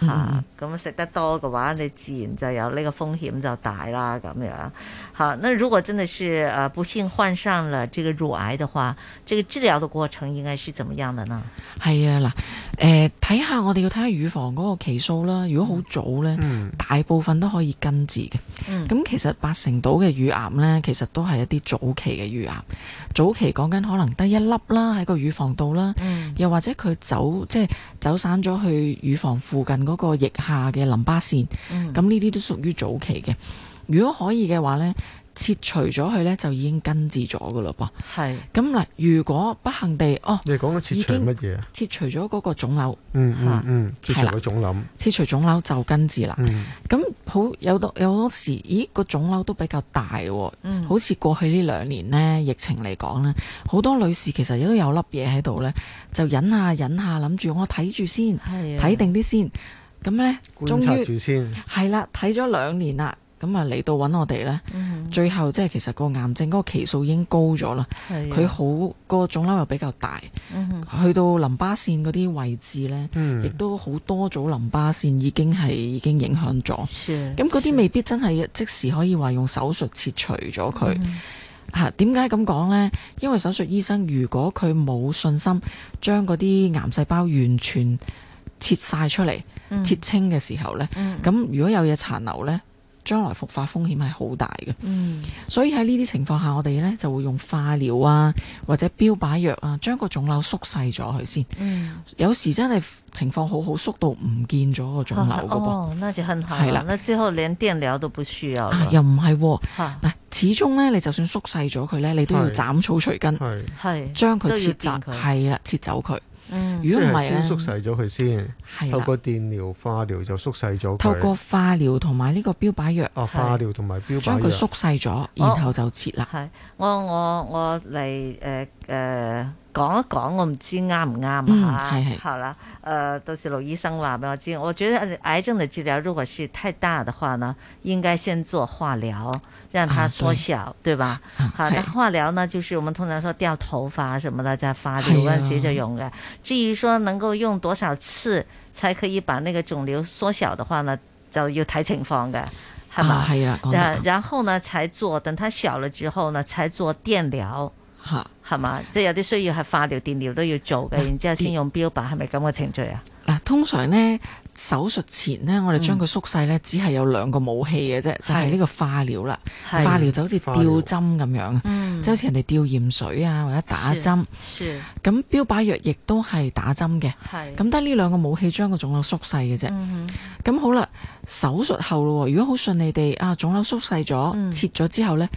K: 樣吓，咁、嗯、食得多嘅話，你自然就有呢個風險就大啦，咁樣。好，那如果真的是，呃，不幸患上了這個乳癌的話，這個治療的過程應該是怎麼樣的呢？
C: 係啊，嗱、呃，誒，睇下我哋要睇下乳房嗰個期數啦。如果好早呢、嗯，大部分都可以根治嘅。咁、嗯、其實八成到嘅乳癌呢，其實都係一啲早期嘅乳癌。早期講緊可能得一粒啦，喺個乳房度啦、嗯，又或者佢走即係走散咗去乳房附近嗰個腋下嘅淋巴腺。咁呢啲都屬於早期嘅。如果可以嘅話呢，切除咗佢呢，就已經根治咗嘅嘞噃。係。咁嗱，如果不幸地，哦，你講嘅切除乜嘢啊？切除咗嗰個腫瘤。嗯嗯嗯，切除咗腫，腫瘤。切除腫瘤就根治啦。咁、嗯、好有多有好多時，咦個腫瘤都比較大喎。好似過去呢兩年呢，疫情嚟講呢，好、嗯、多女士其實都有粒嘢喺度呢，就忍下忍下，諗住我睇住先，睇定啲先。咁呢觀察住先。係啦，睇咗兩年啦。咁啊嚟到揾我哋呢、嗯，最後即係其實個癌症、嗰個期數已經高咗啦。
G: 佢、嗯、好、
C: 個腫瘤又比較大，嗯、去到淋巴腺嗰啲位置呢，亦、嗯、都好多組淋巴腺已經係已經影響咗。咁嗰啲未必真係即時可以話用手術切除咗佢嚇。點解咁講呢？因為手術醫生如果佢冇信心將嗰啲癌細胞完全切晒出嚟、嗯、切清嘅時候呢，咁、嗯、如果有嘢殘留呢。將來復發風險係好大嘅、嗯，所以喺呢啲情況下，我哋咧就會用化療啊，或者標靶藥啊，將個腫瘤縮細咗佢先、嗯。有時真係情況好好，縮到唔見咗個腫瘤、啊。哦，
K: 那就很好。係啦，那之後連電療都不需要。啊，又唔
C: 係嗱，始終咧，你就算縮細咗佢咧，你都要斬草除根，係將佢切窄，係啦、啊，切走佢、嗯。如果唔係、啊，是先縮細
A: 咗佢先。啊、透過電療、化療就縮細
K: 咗。透過
C: 化療同埋呢個標靶藥，哦，化療同埋標靶藥將佢縮細咗，然後就切啦。
K: 我我我嚟誒誒講一講，我唔知啱唔啱吓。係、嗯、係好啦，誒、呃，到時盧醫生話俾我知。我覺得癌症嘅治療如果是太大嘅話呢，應該先做化療，讓它縮小、啊，對吧？好，啊、化療呢，就是我們通常說掉頭髮什麼的，再化療，我唔就用嘅、啊。至於說能夠用多少次，才可以把那個腫瘤縮小的話呢，就要睇情況嘅，係
C: 嘛？係啊，然、啊、
K: 然後呢，才做，等它小了之後呢，才做電療，係、啊、嘛？即係有啲需要係化療、電療都要做嘅，然之後先用標靶，係咪咁嘅程序啊？啊
C: 通常咧，手術前咧，我哋將佢縮細咧、嗯，只係有兩個武器嘅啫，就係、是、呢個化療啦。化療就好似吊針咁樣，就好似人哋吊鹽水啊，或者打針。咁標靶藥亦都係打針嘅。咁得呢兩個武器將個腫瘤縮細嘅啫。咁、嗯、好啦，手術後咯，如果好順利地啊，腫瘤縮細咗，切咗之後呢。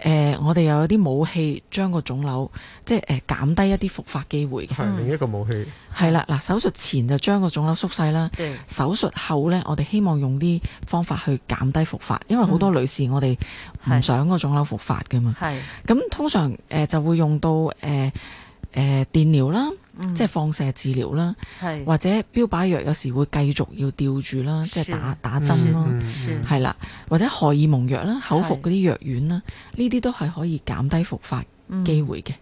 C: 誒、呃，我哋又有啲武器將個腫瘤，即係、呃、減低一啲復發機會嘅。係另一個武器。係啦，嗱，手術前就將個腫瘤縮細啦、嗯。手術後咧，我哋希望用啲方法去減低復發，因為好多女士我哋唔想個腫瘤復發㗎嘛。係，咁通常誒、呃、就會用到誒誒、呃呃、電療啦。嗯、即係放射治療啦，或者標靶藥有時會繼續要吊住啦，即係打係打針啦，係、嗯、啦、嗯嗯，或者荷爾蒙藥啦，口服嗰啲藥丸啦，呢啲都係可以減低復發機會嘅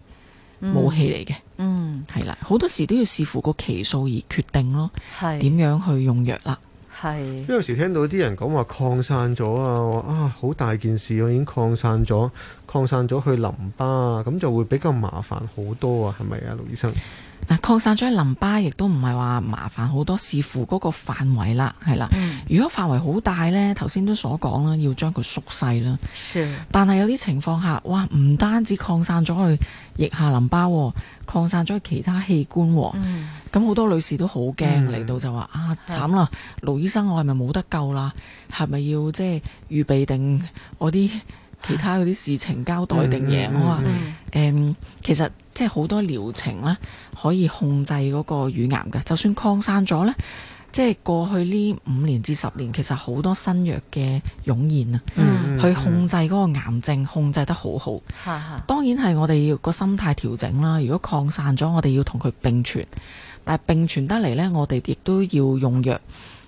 C: 武器嚟嘅。嗯，係啦，好、嗯、多時都要視乎個期數而決定咯，點樣去用藥啦。係。因
A: 為有時聽到啲人講話擴散咗啊，啊好大件事啊，已經擴散咗，擴散咗去淋巴啊，咁就會比較麻煩好多啊，係咪啊，盧醫生？
C: 嗱，擴散咗去淋巴亦都唔係話麻煩好多，視乎嗰個範圍啦，係啦，嗯。如果範圍好大呢，頭先都所講啦，要將佢縮細啦。但係有啲情況下，哇，唔單止擴散咗去腋下淋巴，擴散咗其他器官，咁，嗯，好多女士都好驚嚟到就話啊，慘啦，盧醫生，我係咪冇得救啦？係咪要即係預備定我啲？其他嗰啲事情交代定嘢。mm -hmm. 我話，誒、嗯，其實即係好多療程咧，可以控制嗰個乳癌嘅。就算擴散咗咧，即係過去呢五年至十年，其實好多新藥嘅湧現啊，去控制嗰個癌症，控制得好好。Mm -hmm. 當然係我哋要個心態調整啦。如果擴散咗，我哋要同佢併存，但係併存得嚟咧，我哋亦都要用藥，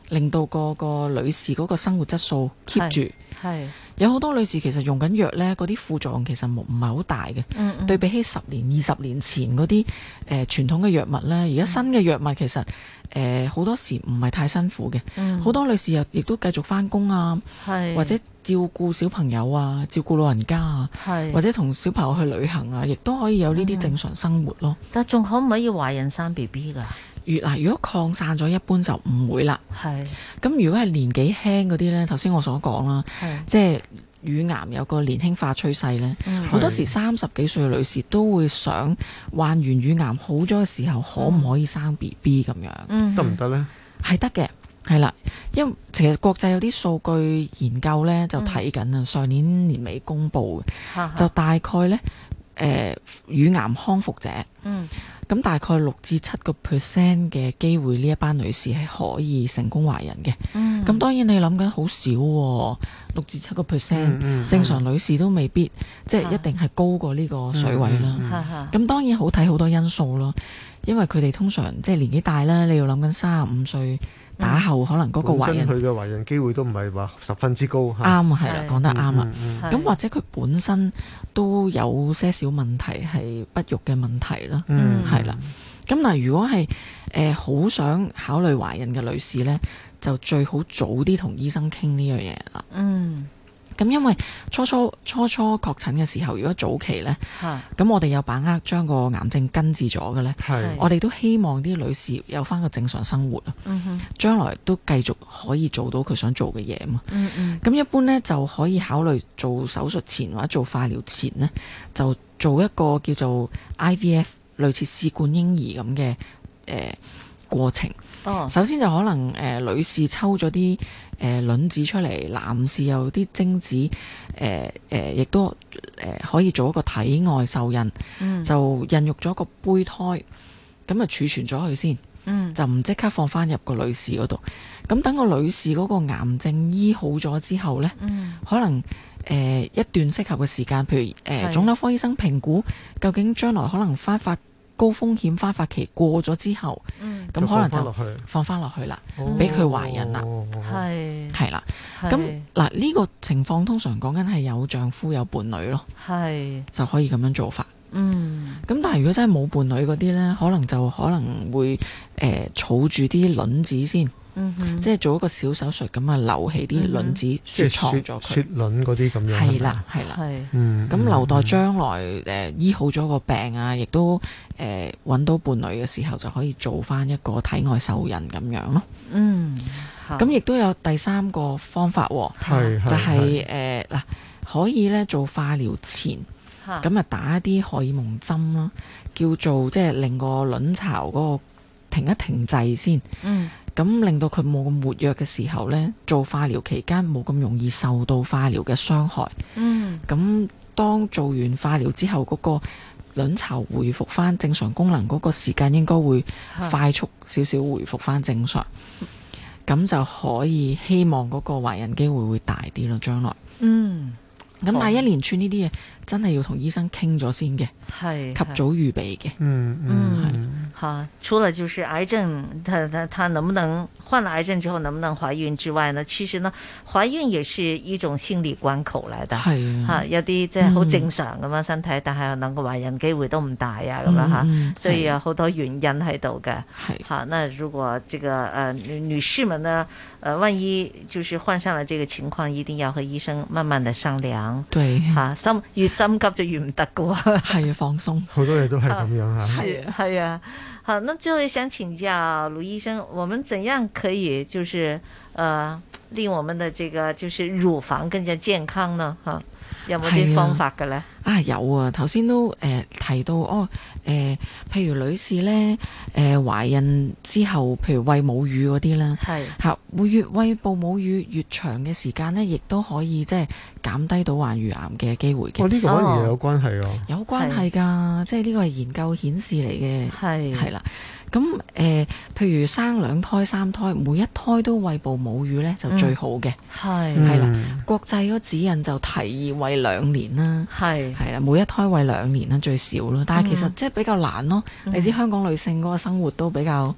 C: 令到個個女士嗰個生活質素 keep 住。係。有好多女士其實用緊藥呢，嗰啲副作用其實唔係好大嘅。嗯嗯。對比起十年、二十年前嗰啲誒傳統嘅藥物呢，而家新嘅藥物其實誒好、嗯呃、多時唔係太辛苦嘅。好、嗯、多女士又亦都繼續返工啊，或者照顧小朋友啊，照顧老人家啊，或者同小朋友去旅行啊，亦都可以有呢啲正常生活咯。嗯、但仲可唔可以懷孕生 BB 㗎？越嗱，如果擴散咗，一般就唔會啦。係。咁如果係年紀輕嗰啲呢？頭先我所講啦，即係、就是、乳癌有個年輕化趨勢呢。好、嗯、多時三十幾歲嘅女士都會想患完乳癌好咗嘅時候，嗯、可唔可以生 B B 咁樣？得唔得呢？係得嘅，係啦。因為其實國際有啲數據研究呢，就睇緊啊，上年年尾公布嘅，就大概呢，誒、呃、乳癌康復者，嗯。咁大概六至七個 percent 嘅機會，呢一班女士係可以成功懷孕嘅。咁、嗯、當然你諗緊好少喎、哦，六至七個 percent，正常女士都未必即係一定係高過呢個水位啦。咁、嗯嗯嗯、當然好睇好多因素咯，因為佢哋通常即係、就是、年紀大啦，你要諗緊三十五歲、嗯、打後，可能嗰個懷孕佢
A: 嘅懷孕機會都唔係話十分之高。啱係啦，講得啱啦。咁
C: 或者佢本身。都有些少問題係不育嘅問題啦，嗯、係啦。咁嗱，如果係誒好想考慮懷孕嘅女士呢，就最好早啲同醫生傾呢樣嘢啦。嗯。咁因為初初初初確診嘅時候，如果早期呢，咁、啊、我哋有把握將個癌症根治咗嘅呢，我哋都希望啲女士有翻個正常生活啊、嗯，將來都繼續可以做到佢想做嘅嘢啊嘛。咁、嗯嗯、一般呢，就可以考慮做手術前或者做化療前呢，就做一個叫做 IVF 類似試管嬰兒咁嘅誒過程、哦。首先就可能、呃、女士抽咗啲，誒、呃、卵子出嚟，男士有啲精子，誒、呃、誒，亦、呃、都、呃、可以做一個體外受孕，嗯、就孕育咗個胚胎，咁啊儲存咗佢先，嗯、就唔即刻放翻入個女士嗰度。咁等個女士嗰個癌症醫好咗之後咧，嗯，可能、呃、一段適合嘅時間，譬如誒、呃、腫瘤科醫生評估究竟將來可能翻發。高風險花發、發期過咗之後，咁、嗯、可能就放翻落去啦，俾、哦、佢懷孕啦，係，係啦。咁嗱，呢個情況通常講緊係有丈夫有伴侶咯，係就可以咁樣做法。嗯，咁但係如果真係冇伴侶嗰啲呢，可能就可能會誒、呃、儲住啲卵子先。嗯，即係做一個小手術咁啊，留起啲卵子，雪藏咗佢。雪卵嗰啲咁樣。係啦，係啦，係。嗯。咁留待將來誒、嗯呃、醫好咗個病啊，亦都誒搵、呃、到伴侶嘅時候，就可以做翻一個體外受孕咁樣咯。嗯。
G: 咁
C: 亦都有第三個方法，係、嗯、就係誒嗱，可以咧做化療前，咁、嗯、啊打啲荷爾蒙針啦，叫做即係令個卵巢嗰、那個停一停滯先。嗯。咁令到佢冇咁活躍嘅時候呢，做化療期間冇咁容易受到化療嘅傷害。嗯。咁當做完化療之後，嗰個卵巢回復翻正常功能嗰個時間應該會快速少少回復翻正常。咁、嗯、就可以希望嗰個懷孕機會會大啲咯，將來。
G: 嗯。咁但係一
C: 連串呢啲嘢。真係要同醫生傾咗先嘅，
K: 係及早
C: 預備嘅，嗯嗯，係
K: 吓。除了就是癌症，他他他能不能患了癌症之後能不能懷孕之外呢？其實呢，懷孕也是一種心理關口嚟嘅，係吓、啊啊。有啲即係好正常咁、啊、嗯，身體但係能夠懷孕機會都唔大呀、嗯、啊、咁、啊吓，所以有好多原因喺度嘅，係吓、啊。那如果這個、呃、女士們呢、誒、呃、萬一就是患上了這個情況，一定要和醫生慢慢的商量，對、啊心急就越唔得㗎喎，係 啊，放鬆，好多嘢都係咁樣吓，係啊，好，那最後想請教盧醫生，我們怎樣可以就是，呃，令我們的這個就是乳房更加健康呢？哈？有冇啲方法
C: 嘅咧、啊？啊，有啊！頭先都誒、呃、提到哦，誒、呃，譬如女士咧，誒、呃、懷孕之後，譬如餵母乳嗰啲啦，係吓，會、啊、越餵哺母乳越長嘅時間咧，亦都可以即係減低到患乳癌嘅機會嘅。呢、哦這個可能有
A: 關係啊、哦哦，
C: 有關係噶，即係呢個係研究顯示嚟嘅，係係啦。咁誒、呃，譬如生兩胎、三胎，每一胎都喂哺母乳呢、嗯、就最好嘅。係、嗯、係啦，國際嗰指引就提議喂兩年啦。係啦，每一胎喂兩年啦，最少咯。但係其實即係比較難咯。嗯、你知香港女性嗰個生活都比較。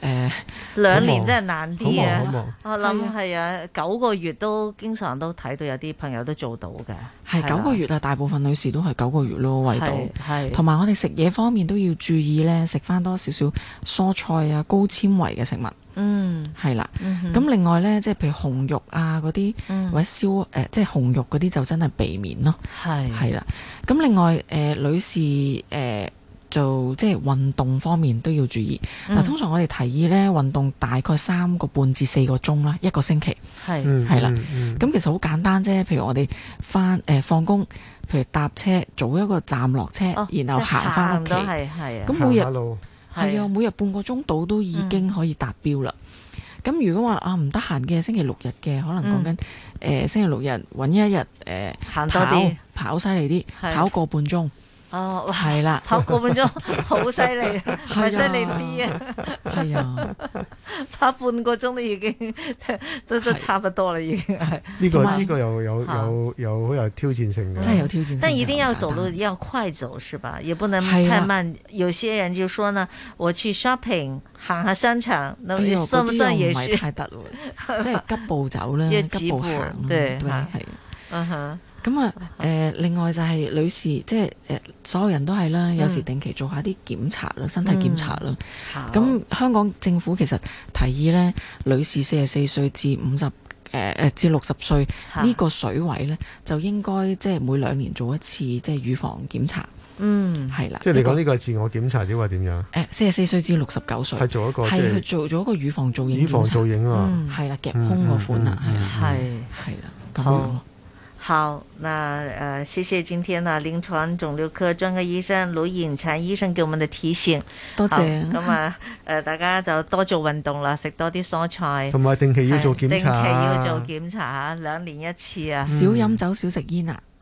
C: 誒、呃，兩年真係難啲啊！我
K: 諗係啊，九個月都經常都睇到有啲朋友都做到嘅。係
C: 九個月啊，大部分女士都係九個月咯，位到係，同埋我哋食嘢方面都要注意咧，食翻多少少蔬菜啊，高纖維嘅食物。嗯，係啦。咁、嗯、另外咧，即係譬如紅肉啊，嗰啲、嗯、或者燒誒、呃，即係紅肉嗰啲就真係避免咯。係。係啦。咁另外，誒、呃，女士，誒、呃。做即係運動方面都要注意。嗱、嗯，通常我哋提議呢，運動大概三個半至四個鐘啦，一個星期係係啦。咁、嗯嗯嗯、其實好簡單啫。譬如我哋翻誒放工，譬如搭車早一個站落車，哦，然後走回家行翻屋企。係係啊。
K: 咁每日係啊，
C: 每日半個鐘到都已經可以達標啦。咁、嗯、如果話啊唔得閒嘅星期六日嘅，可能講緊誒星期六日揾一日誒行多啲跑跑犀利啲，跑個半鐘。
K: 哦，係啦，跑個半鐘， 好犀利，係犀利啲啊！係啊， 跑半個鐘都已經都都差不多啦，已經係。呢、呢個呢、嗯呢個又好有，有，
A: 有，有挑戰性嘅、嗯。真係有挑戰性的，
K: 但一定要走路要快走，嗯、是吧？也不能不太慢、啊。有些人就說呢，我去 shopping 行下商場，咁算唔算也是？哎、是太 即係急步
C: 走啦，急步行，對，係、啊，嗯哼。啊。咁啊，誒、呃、另外就係女士，即係誒、呃、所有人都係啦、嗯，有時定期做下啲檢查啦，身體檢查啦。咁、嗯、香港政府其實提議呢，女士四十四歲至五十誒誒至六十歲呢、呢個水位呢，就應該即係每兩年做一次即係乳房檢查。嗯，係啦。即係你講呢
A: 個自我檢查，點話點樣？
C: 誒，四十四歲至六十九歲。係做一個係、就是、去做做一個乳房造影檢查。乳房造影啊，係、嗯、啦，夾胸個款啊，係係係啦。好。
K: 好，那誒、呃，謝謝今天嘅、啊、臨床腫瘤科專科醫生盧穎嬋醫生給我們的提醒。多謝。咁啊，誒、啊呃，大家就多做運動啦，食多啲蔬菜，同埋定期要做檢查，定期要做檢查吓，兩、啊、年一次啊，少、嗯、飲酒，少食煙啊。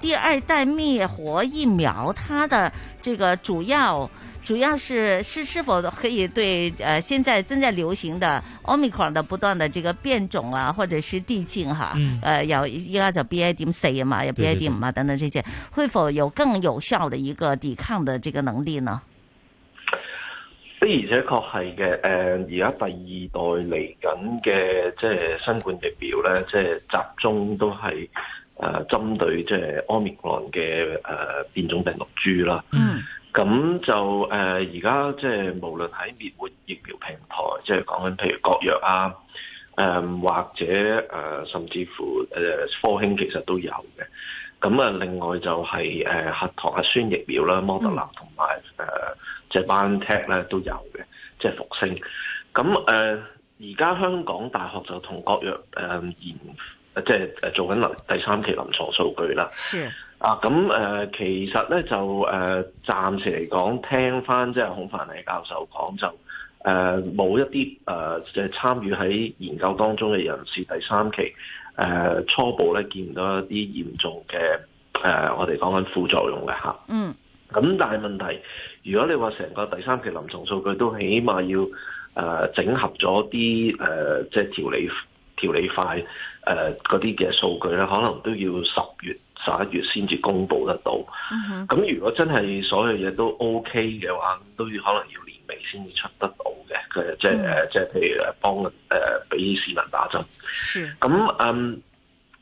K: 第二代滅活疫苗，它的這個主要主要是是是否可以對，呃，現在正在流行的 omicron 的不斷的這個變種啊，或者是遞進哈，誒、嗯呃嗯，有依家叫 B A m 四啊嘛，有 B A d m 啊等等這些，是否有更有效的一個抵抗的這個能力呢？
M: 的而且確係嘅，誒、呃，而家第二代嚟緊嘅即係新冠疫苗咧，即、就、係、是、集中都係。誒、啊，針對即係 Omicron 嘅誒變種病毒株啦，嗯、mm.，咁、啊、就誒而家即係無論喺滅活疫苗平台，即、就、係、是、講緊譬如國藥啊，誒、啊、或者誒、啊、甚至乎誒、啊、科興其實都有嘅。咁啊，另外就係、是、誒、啊、核糖核酸疫苗啦，摩特納同埋誒即係 BioNTech 咧都有嘅，即、就、係、是、復星。咁誒而家香港大學就同國藥誒研。啊即、就、係、是、做緊第三期臨床數據啦。啊。咁誒，其實咧就誒，暫時嚟講，聽翻即係孔繁毅教授講就誒，冇、呃、一啲誒即係參與喺研究當中嘅人士第三期誒、呃、初步咧見到一啲嚴重嘅誒、呃，我哋講緊副作用嘅吓。嗯。咁但係問題，如果你話成個第三期臨床數據都起碼要誒整合咗啲誒即係調理調理快。誒嗰啲嘅數據咧，可能都要十月、十一月先至公布得到。咁、
G: mm
M: -hmm. 如果真係所有嘢都 OK 嘅話，都要可能要年尾先至出得到嘅。佢即係誒，即係、mm -hmm. 呃、譬如誒幫誒俾、呃、市民打針。是、mm -hmm. 咁、呃、嗯，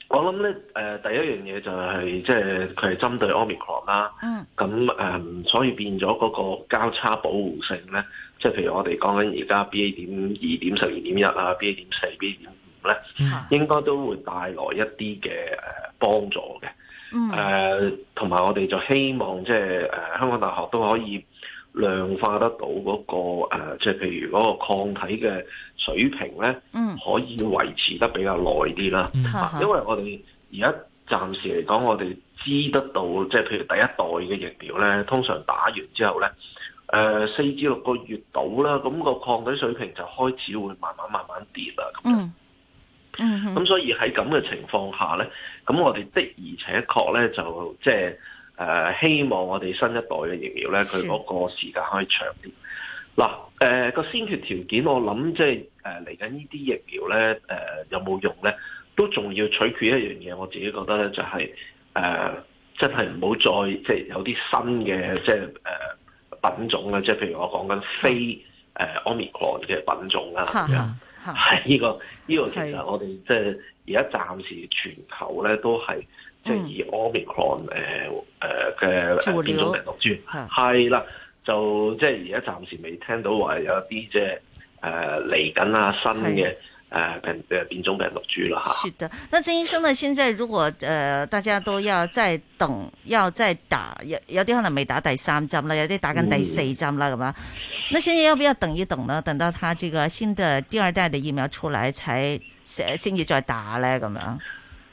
M: 我諗咧誒第一樣嘢就係、是、即係佢係針對 Omicron 啦。嗯、mm -hmm. 咁、呃、誒，所以變咗嗰個交叉保護性咧，即係譬如我哋講緊而家 B A 點二點十二點一啊，B A 點四 B。咧應該都會帶來一啲嘅誒幫助嘅，誒同埋我哋就希望即係誒香港大學都可以量化得到嗰、嗰個即係、呃即係、譬如嗰個抗體嘅水平咧、嗯，可以維持得比較耐啲啦。因為我哋而家暫時嚟講，我哋知得到即係、即係、譬如第一代嘅疫苗咧，通常打完之後咧，誒四至六個月到啦，咁、嗰個抗體水平就開始會慢慢慢慢跌啦。嗯嗯，咁所以喺咁嘅情況下咧，咁我哋的而且確咧，就即係誒希望我哋新一代嘅疫苗咧，佢嗰個時間可以長啲。嗱，誒個先決條件，我諗即係誒嚟緊呢啲疫苗咧，誒有冇用咧，都仲要取決一樣嘢。我自己覺得咧，就係誒真係唔好再即係有啲新嘅即係誒品種嘅，即係譬如我講緊非誒 Omicron 嘅品種啊。 係、這、呢個呢、這個其實我哋即係而家暫時全球咧都係即係以 Omicron 誒誒嘅變種病毒株係啦，就即係而家暫時未聽到話有一啲即係誒嚟緊啊新嘅。誒，平變種病毒株啦吓，是
K: 的。那鄭醫生呢？現在如果誒、呃，大家都要再等，要再打，有有啲可能未打第三針啦，有啲打緊第四針啦咁啊。那現在要不要等一等呢？等到他這個新的第二代嘅疫苗出嚟，才先至再打咧咁樣。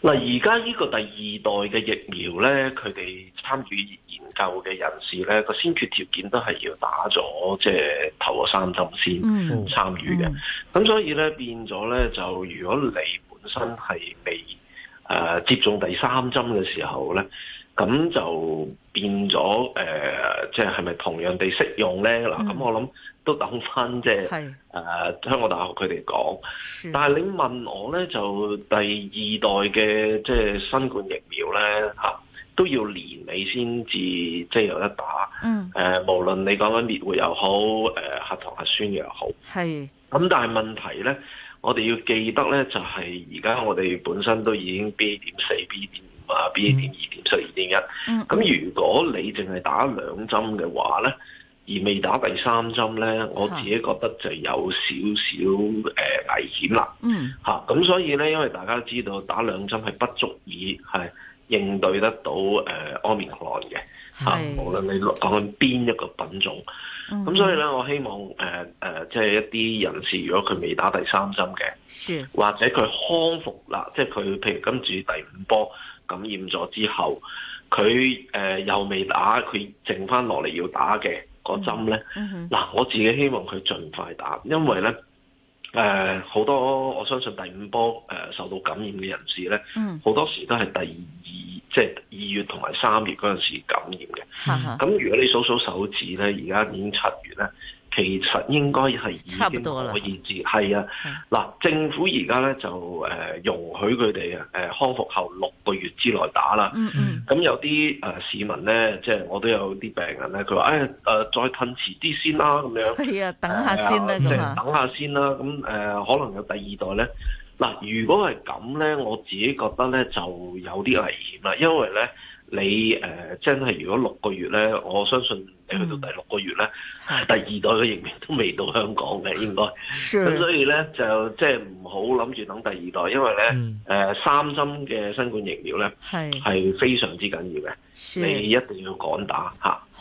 M: 嗱、嗯，而家呢個第二代嘅疫苗咧，佢哋參與。舊嘅人士咧，個先決條件都係要打咗即係頭三針先參與嘅，咁、嗯嗯、所以咧變咗咧就，如果你本身係未誒、呃、接種第三針嘅時候咧，咁就變咗誒，即係係咪同樣地適用咧？嗱、嗯，咁我諗都等翻即係誒香港大學佢哋講，但係你問我咧就第二代嘅即係新冠疫苗咧吓。啊都要年尾先至即係有得打，誒、嗯，無論你講緊滅活又好，誒，核糖核酸又好，係。咁但係問題咧，我哋要記得咧，就係而家我哋本身都已經 B 點四、B 點五啊、B 點二點七、二點一，咁如果你淨係打兩針嘅話咧，而未打第三針咧，我自己覺得就有少少誒危險啦。吓、嗯，咁所以咧，因為大家都知道打兩針係不足以係。應對得到誒 Omicron 嘅，啊，無論你講緊邊一個品種，
G: 咁、mm -hmm. 所以
M: 咧，我希望誒誒、呃呃，即係一啲人士，如果佢未打第三針嘅，mm -hmm. 或者佢康復啦，即係佢譬如今次第五波感染咗之後，佢誒、呃、又未打，佢剩翻落嚟要打嘅個針咧，嗱、mm -hmm.，我自己希望佢盡快打，因為咧。誒、呃、好多，我相信第五波誒、呃、受到感染嘅人士咧，嗯、好多時都係第二，即、就、係、是、二月同埋三月嗰陣時感染嘅。嗯、咁如果你數數手指咧，而家已經七月咧。其實應該係已經可以治，係啊！嗱、啊，政府而家咧就誒、呃、容許佢哋誒康復後六個月之內打啦。咁、嗯嗯、有啲誒、呃、市民咧，即係我都有啲病人咧，佢話誒誒再褪遲啲先啦，咁樣。係啊，
K: 啊，啊，等下先啦。
M: 等下先啦。咁誒、呃，可能有第二代咧。嗱，如果係咁咧，我自己覺得咧就有啲危險啦，因為咧。你誒、呃、真係如果六個月咧，我相信你去到第六個月咧、嗯，第二代嘅疫苗都未到香港嘅，應該，咁所以咧就即係唔好諗住等第二代，因為咧誒、嗯呃、三針嘅新冠疫苗咧係非常之緊要嘅，你一定要趕打嚇。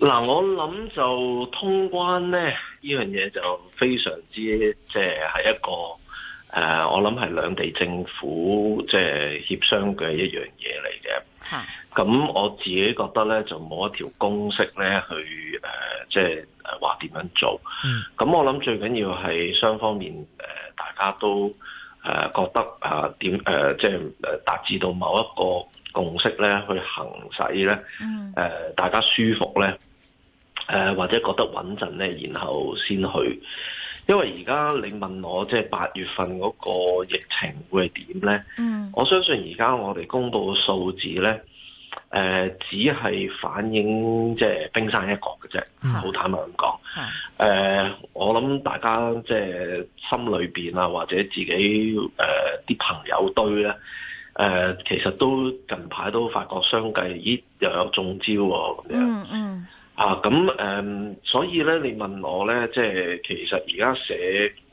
M: 嗱、啊，我諗就通關咧，呢樣嘢就非常之即係係一個誒、呃，我諗係兩地政府即係協商嘅一樣嘢嚟嘅。咁我自己覺得咧，就冇一條公式咧去誒，即係話點樣做。咁我諗最緊要係雙方面誒、呃，大家都誒、呃、覺得啊點誒，即係誒達至到某一個。共識咧去行使咧、mm -hmm. 呃，大家舒服咧、呃，或者覺得穩陣咧，然後先去。因為而家你問我，即係八月份嗰個疫情會係點咧？Mm -hmm. 我相信而家我哋公布嘅數字咧、呃，只係反映即係冰山一角嘅啫，好坦白咁講、mm -hmm. 呃。我諗大家即係心裏面啊，或者自己誒啲、呃、朋友堆咧。誒，其實都近排都發覺相繼，咦又有中招喎咁樣。嗯嗯。啊，咁誒，所以咧，你問我咧，即係其實而家社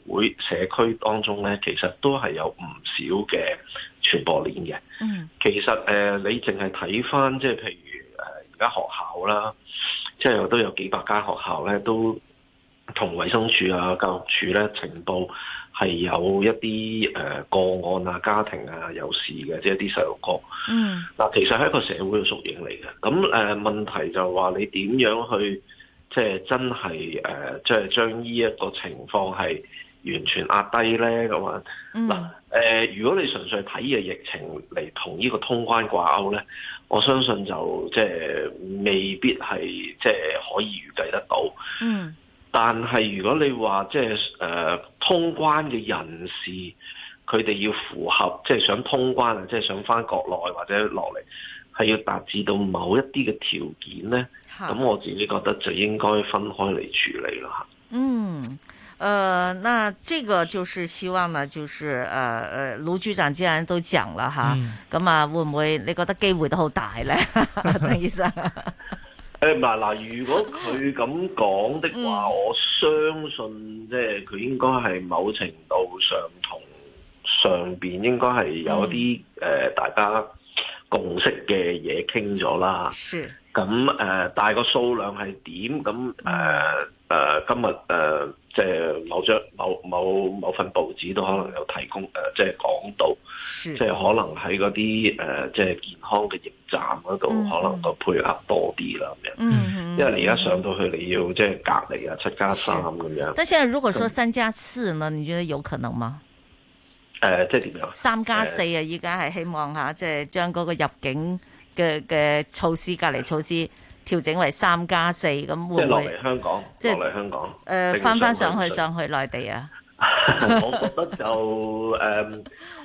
M: 會社區當中咧，其實都係有唔少嘅傳播鏈嘅。嗯。其實誒，你淨係睇翻即係譬如誒而家學校啦，即係都有幾百間學校咧都。同衛生署啊、教育署咧，呈報係有一啲誒、呃、個案啊、家庭啊有事嘅，即、就、係、是、一啲細路哥。嗯。
G: 嗱，其實係一
M: 個社會嘅縮影嚟嘅。咁、呃、問題就話你點樣去，即、呃、係真係即係將呢一個情況係完全壓低咧咁啊？嗱、mm. 呃呃、如果你純粹睇嘅疫情嚟同呢個通關掛鈎咧，我相信就即係未必係即係可以預計得到。嗯、mm. 但係如果你話即係誒通關嘅人士，佢哋要符合即係想通關啊，即係想翻國內或者落嚟，係要達至到某一啲嘅條件咧。咁我自己覺得就應該分開嚟處理啦。吓，嗯，誒、
K: 呃，那呢個就是希望呢，就是誒誒，盧、呃、局長既然都講了吓，咁、嗯、啊會唔會你覺得機會都好大咧？啊，陳醫生。
M: 誒、呃，嗱、啊、嗱，如果佢咁講的話、嗯，我相信即係佢應該係某程度上同上邊應該係有啲誒、嗯呃、大家共識嘅嘢傾咗啦。是，咁個、呃、數量係點？咁誒、呃、今日誒、呃，即係某張某某某，某份報紙都可能有提供誒、呃，即係講到，即係可能喺嗰啲誒，即係健康嘅驛站嗰度，可能個配合多啲啦咁樣。因為你而家上到去你要即係隔離啊，七加三咁樣。是但係現在，如果說三
K: 加四呢，你覺得有可能嗎？誒、呃，即係點樣？三加四啊！依家係希望吓，即係將嗰個入境嘅嘅措施、隔離措施。調整為三加四，咁會唔會落嚟
M: 香港，即係落嚟香港。誒、呃，翻翻上去上
K: 去，上去內地啊！
M: 我覺得就誒， um,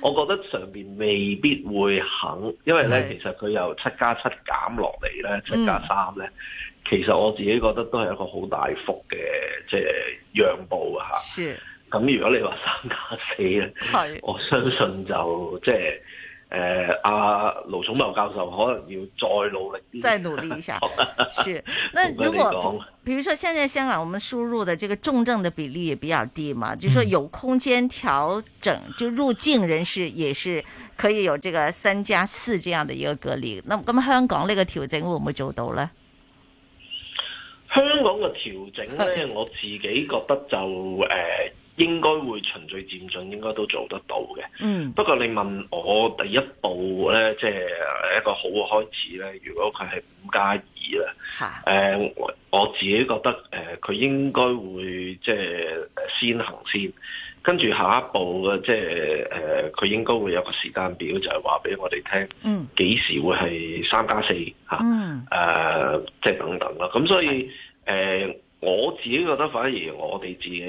M: 我覺得上邊未必會肯，因為咧，其實佢由七加七減落嚟咧，七加三咧，其實我自己覺得都係一個好大幅嘅即係讓步啊！嚇，咁如果你話三加四咧，係我相信就即係。就是誒、呃，阿盧寵茂教授可能要再努力，再努力一下。 是，
K: 那如果， 如果，比如說現在香港我們輸入的這個重症的比例也比較低嘛，就是、說有空間調整，嗯，就入境人士也是可以有這個三加四這樣的一個隔離。咁咁香港呢個調整會唔會做到呢？
M: 香港嘅調整呢，嗯，我自己覺得就誒。呃應該會循序漸進，應該都做得到嘅、嗯。不過你問我第一步咧，即係誒一個好嘅開始咧。如果佢係五加二啦，誒、呃，我自己覺得誒，佢應該會即係、呃、先行先，跟住下一步嘅即係誒，佢應該會有個時間表、嗯，就係話俾我哋聽，幾時會係三加四嚇，誒，即係等等啦。咁所以誒。我自己覺得反而我哋自己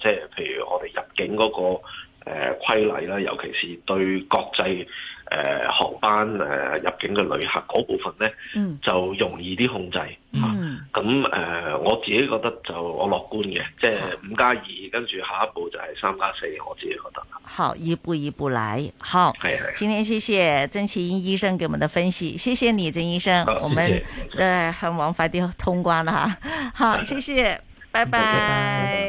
M: 誒，即係譬如我哋入境嗰個誒規例啦，尤其是對國際。誒、呃，航班、誒、呃、入境嘅旅客嗰部分咧、嗯，就容易啲控制。
G: 嗯，
M: 咁、啊、誒、呃，我自己覺得就我樂觀嘅，即係五加二，就是，跟住下一步就係三加四，我自己覺
K: 得。好，一步一步嚟，好。係今天謝謝曾奇英醫生給我們的分析，謝謝你曾醫生、啊，我們再很王快啲通關啦、嗯，好，謝謝，嗯、
N: 拜拜。拜拜。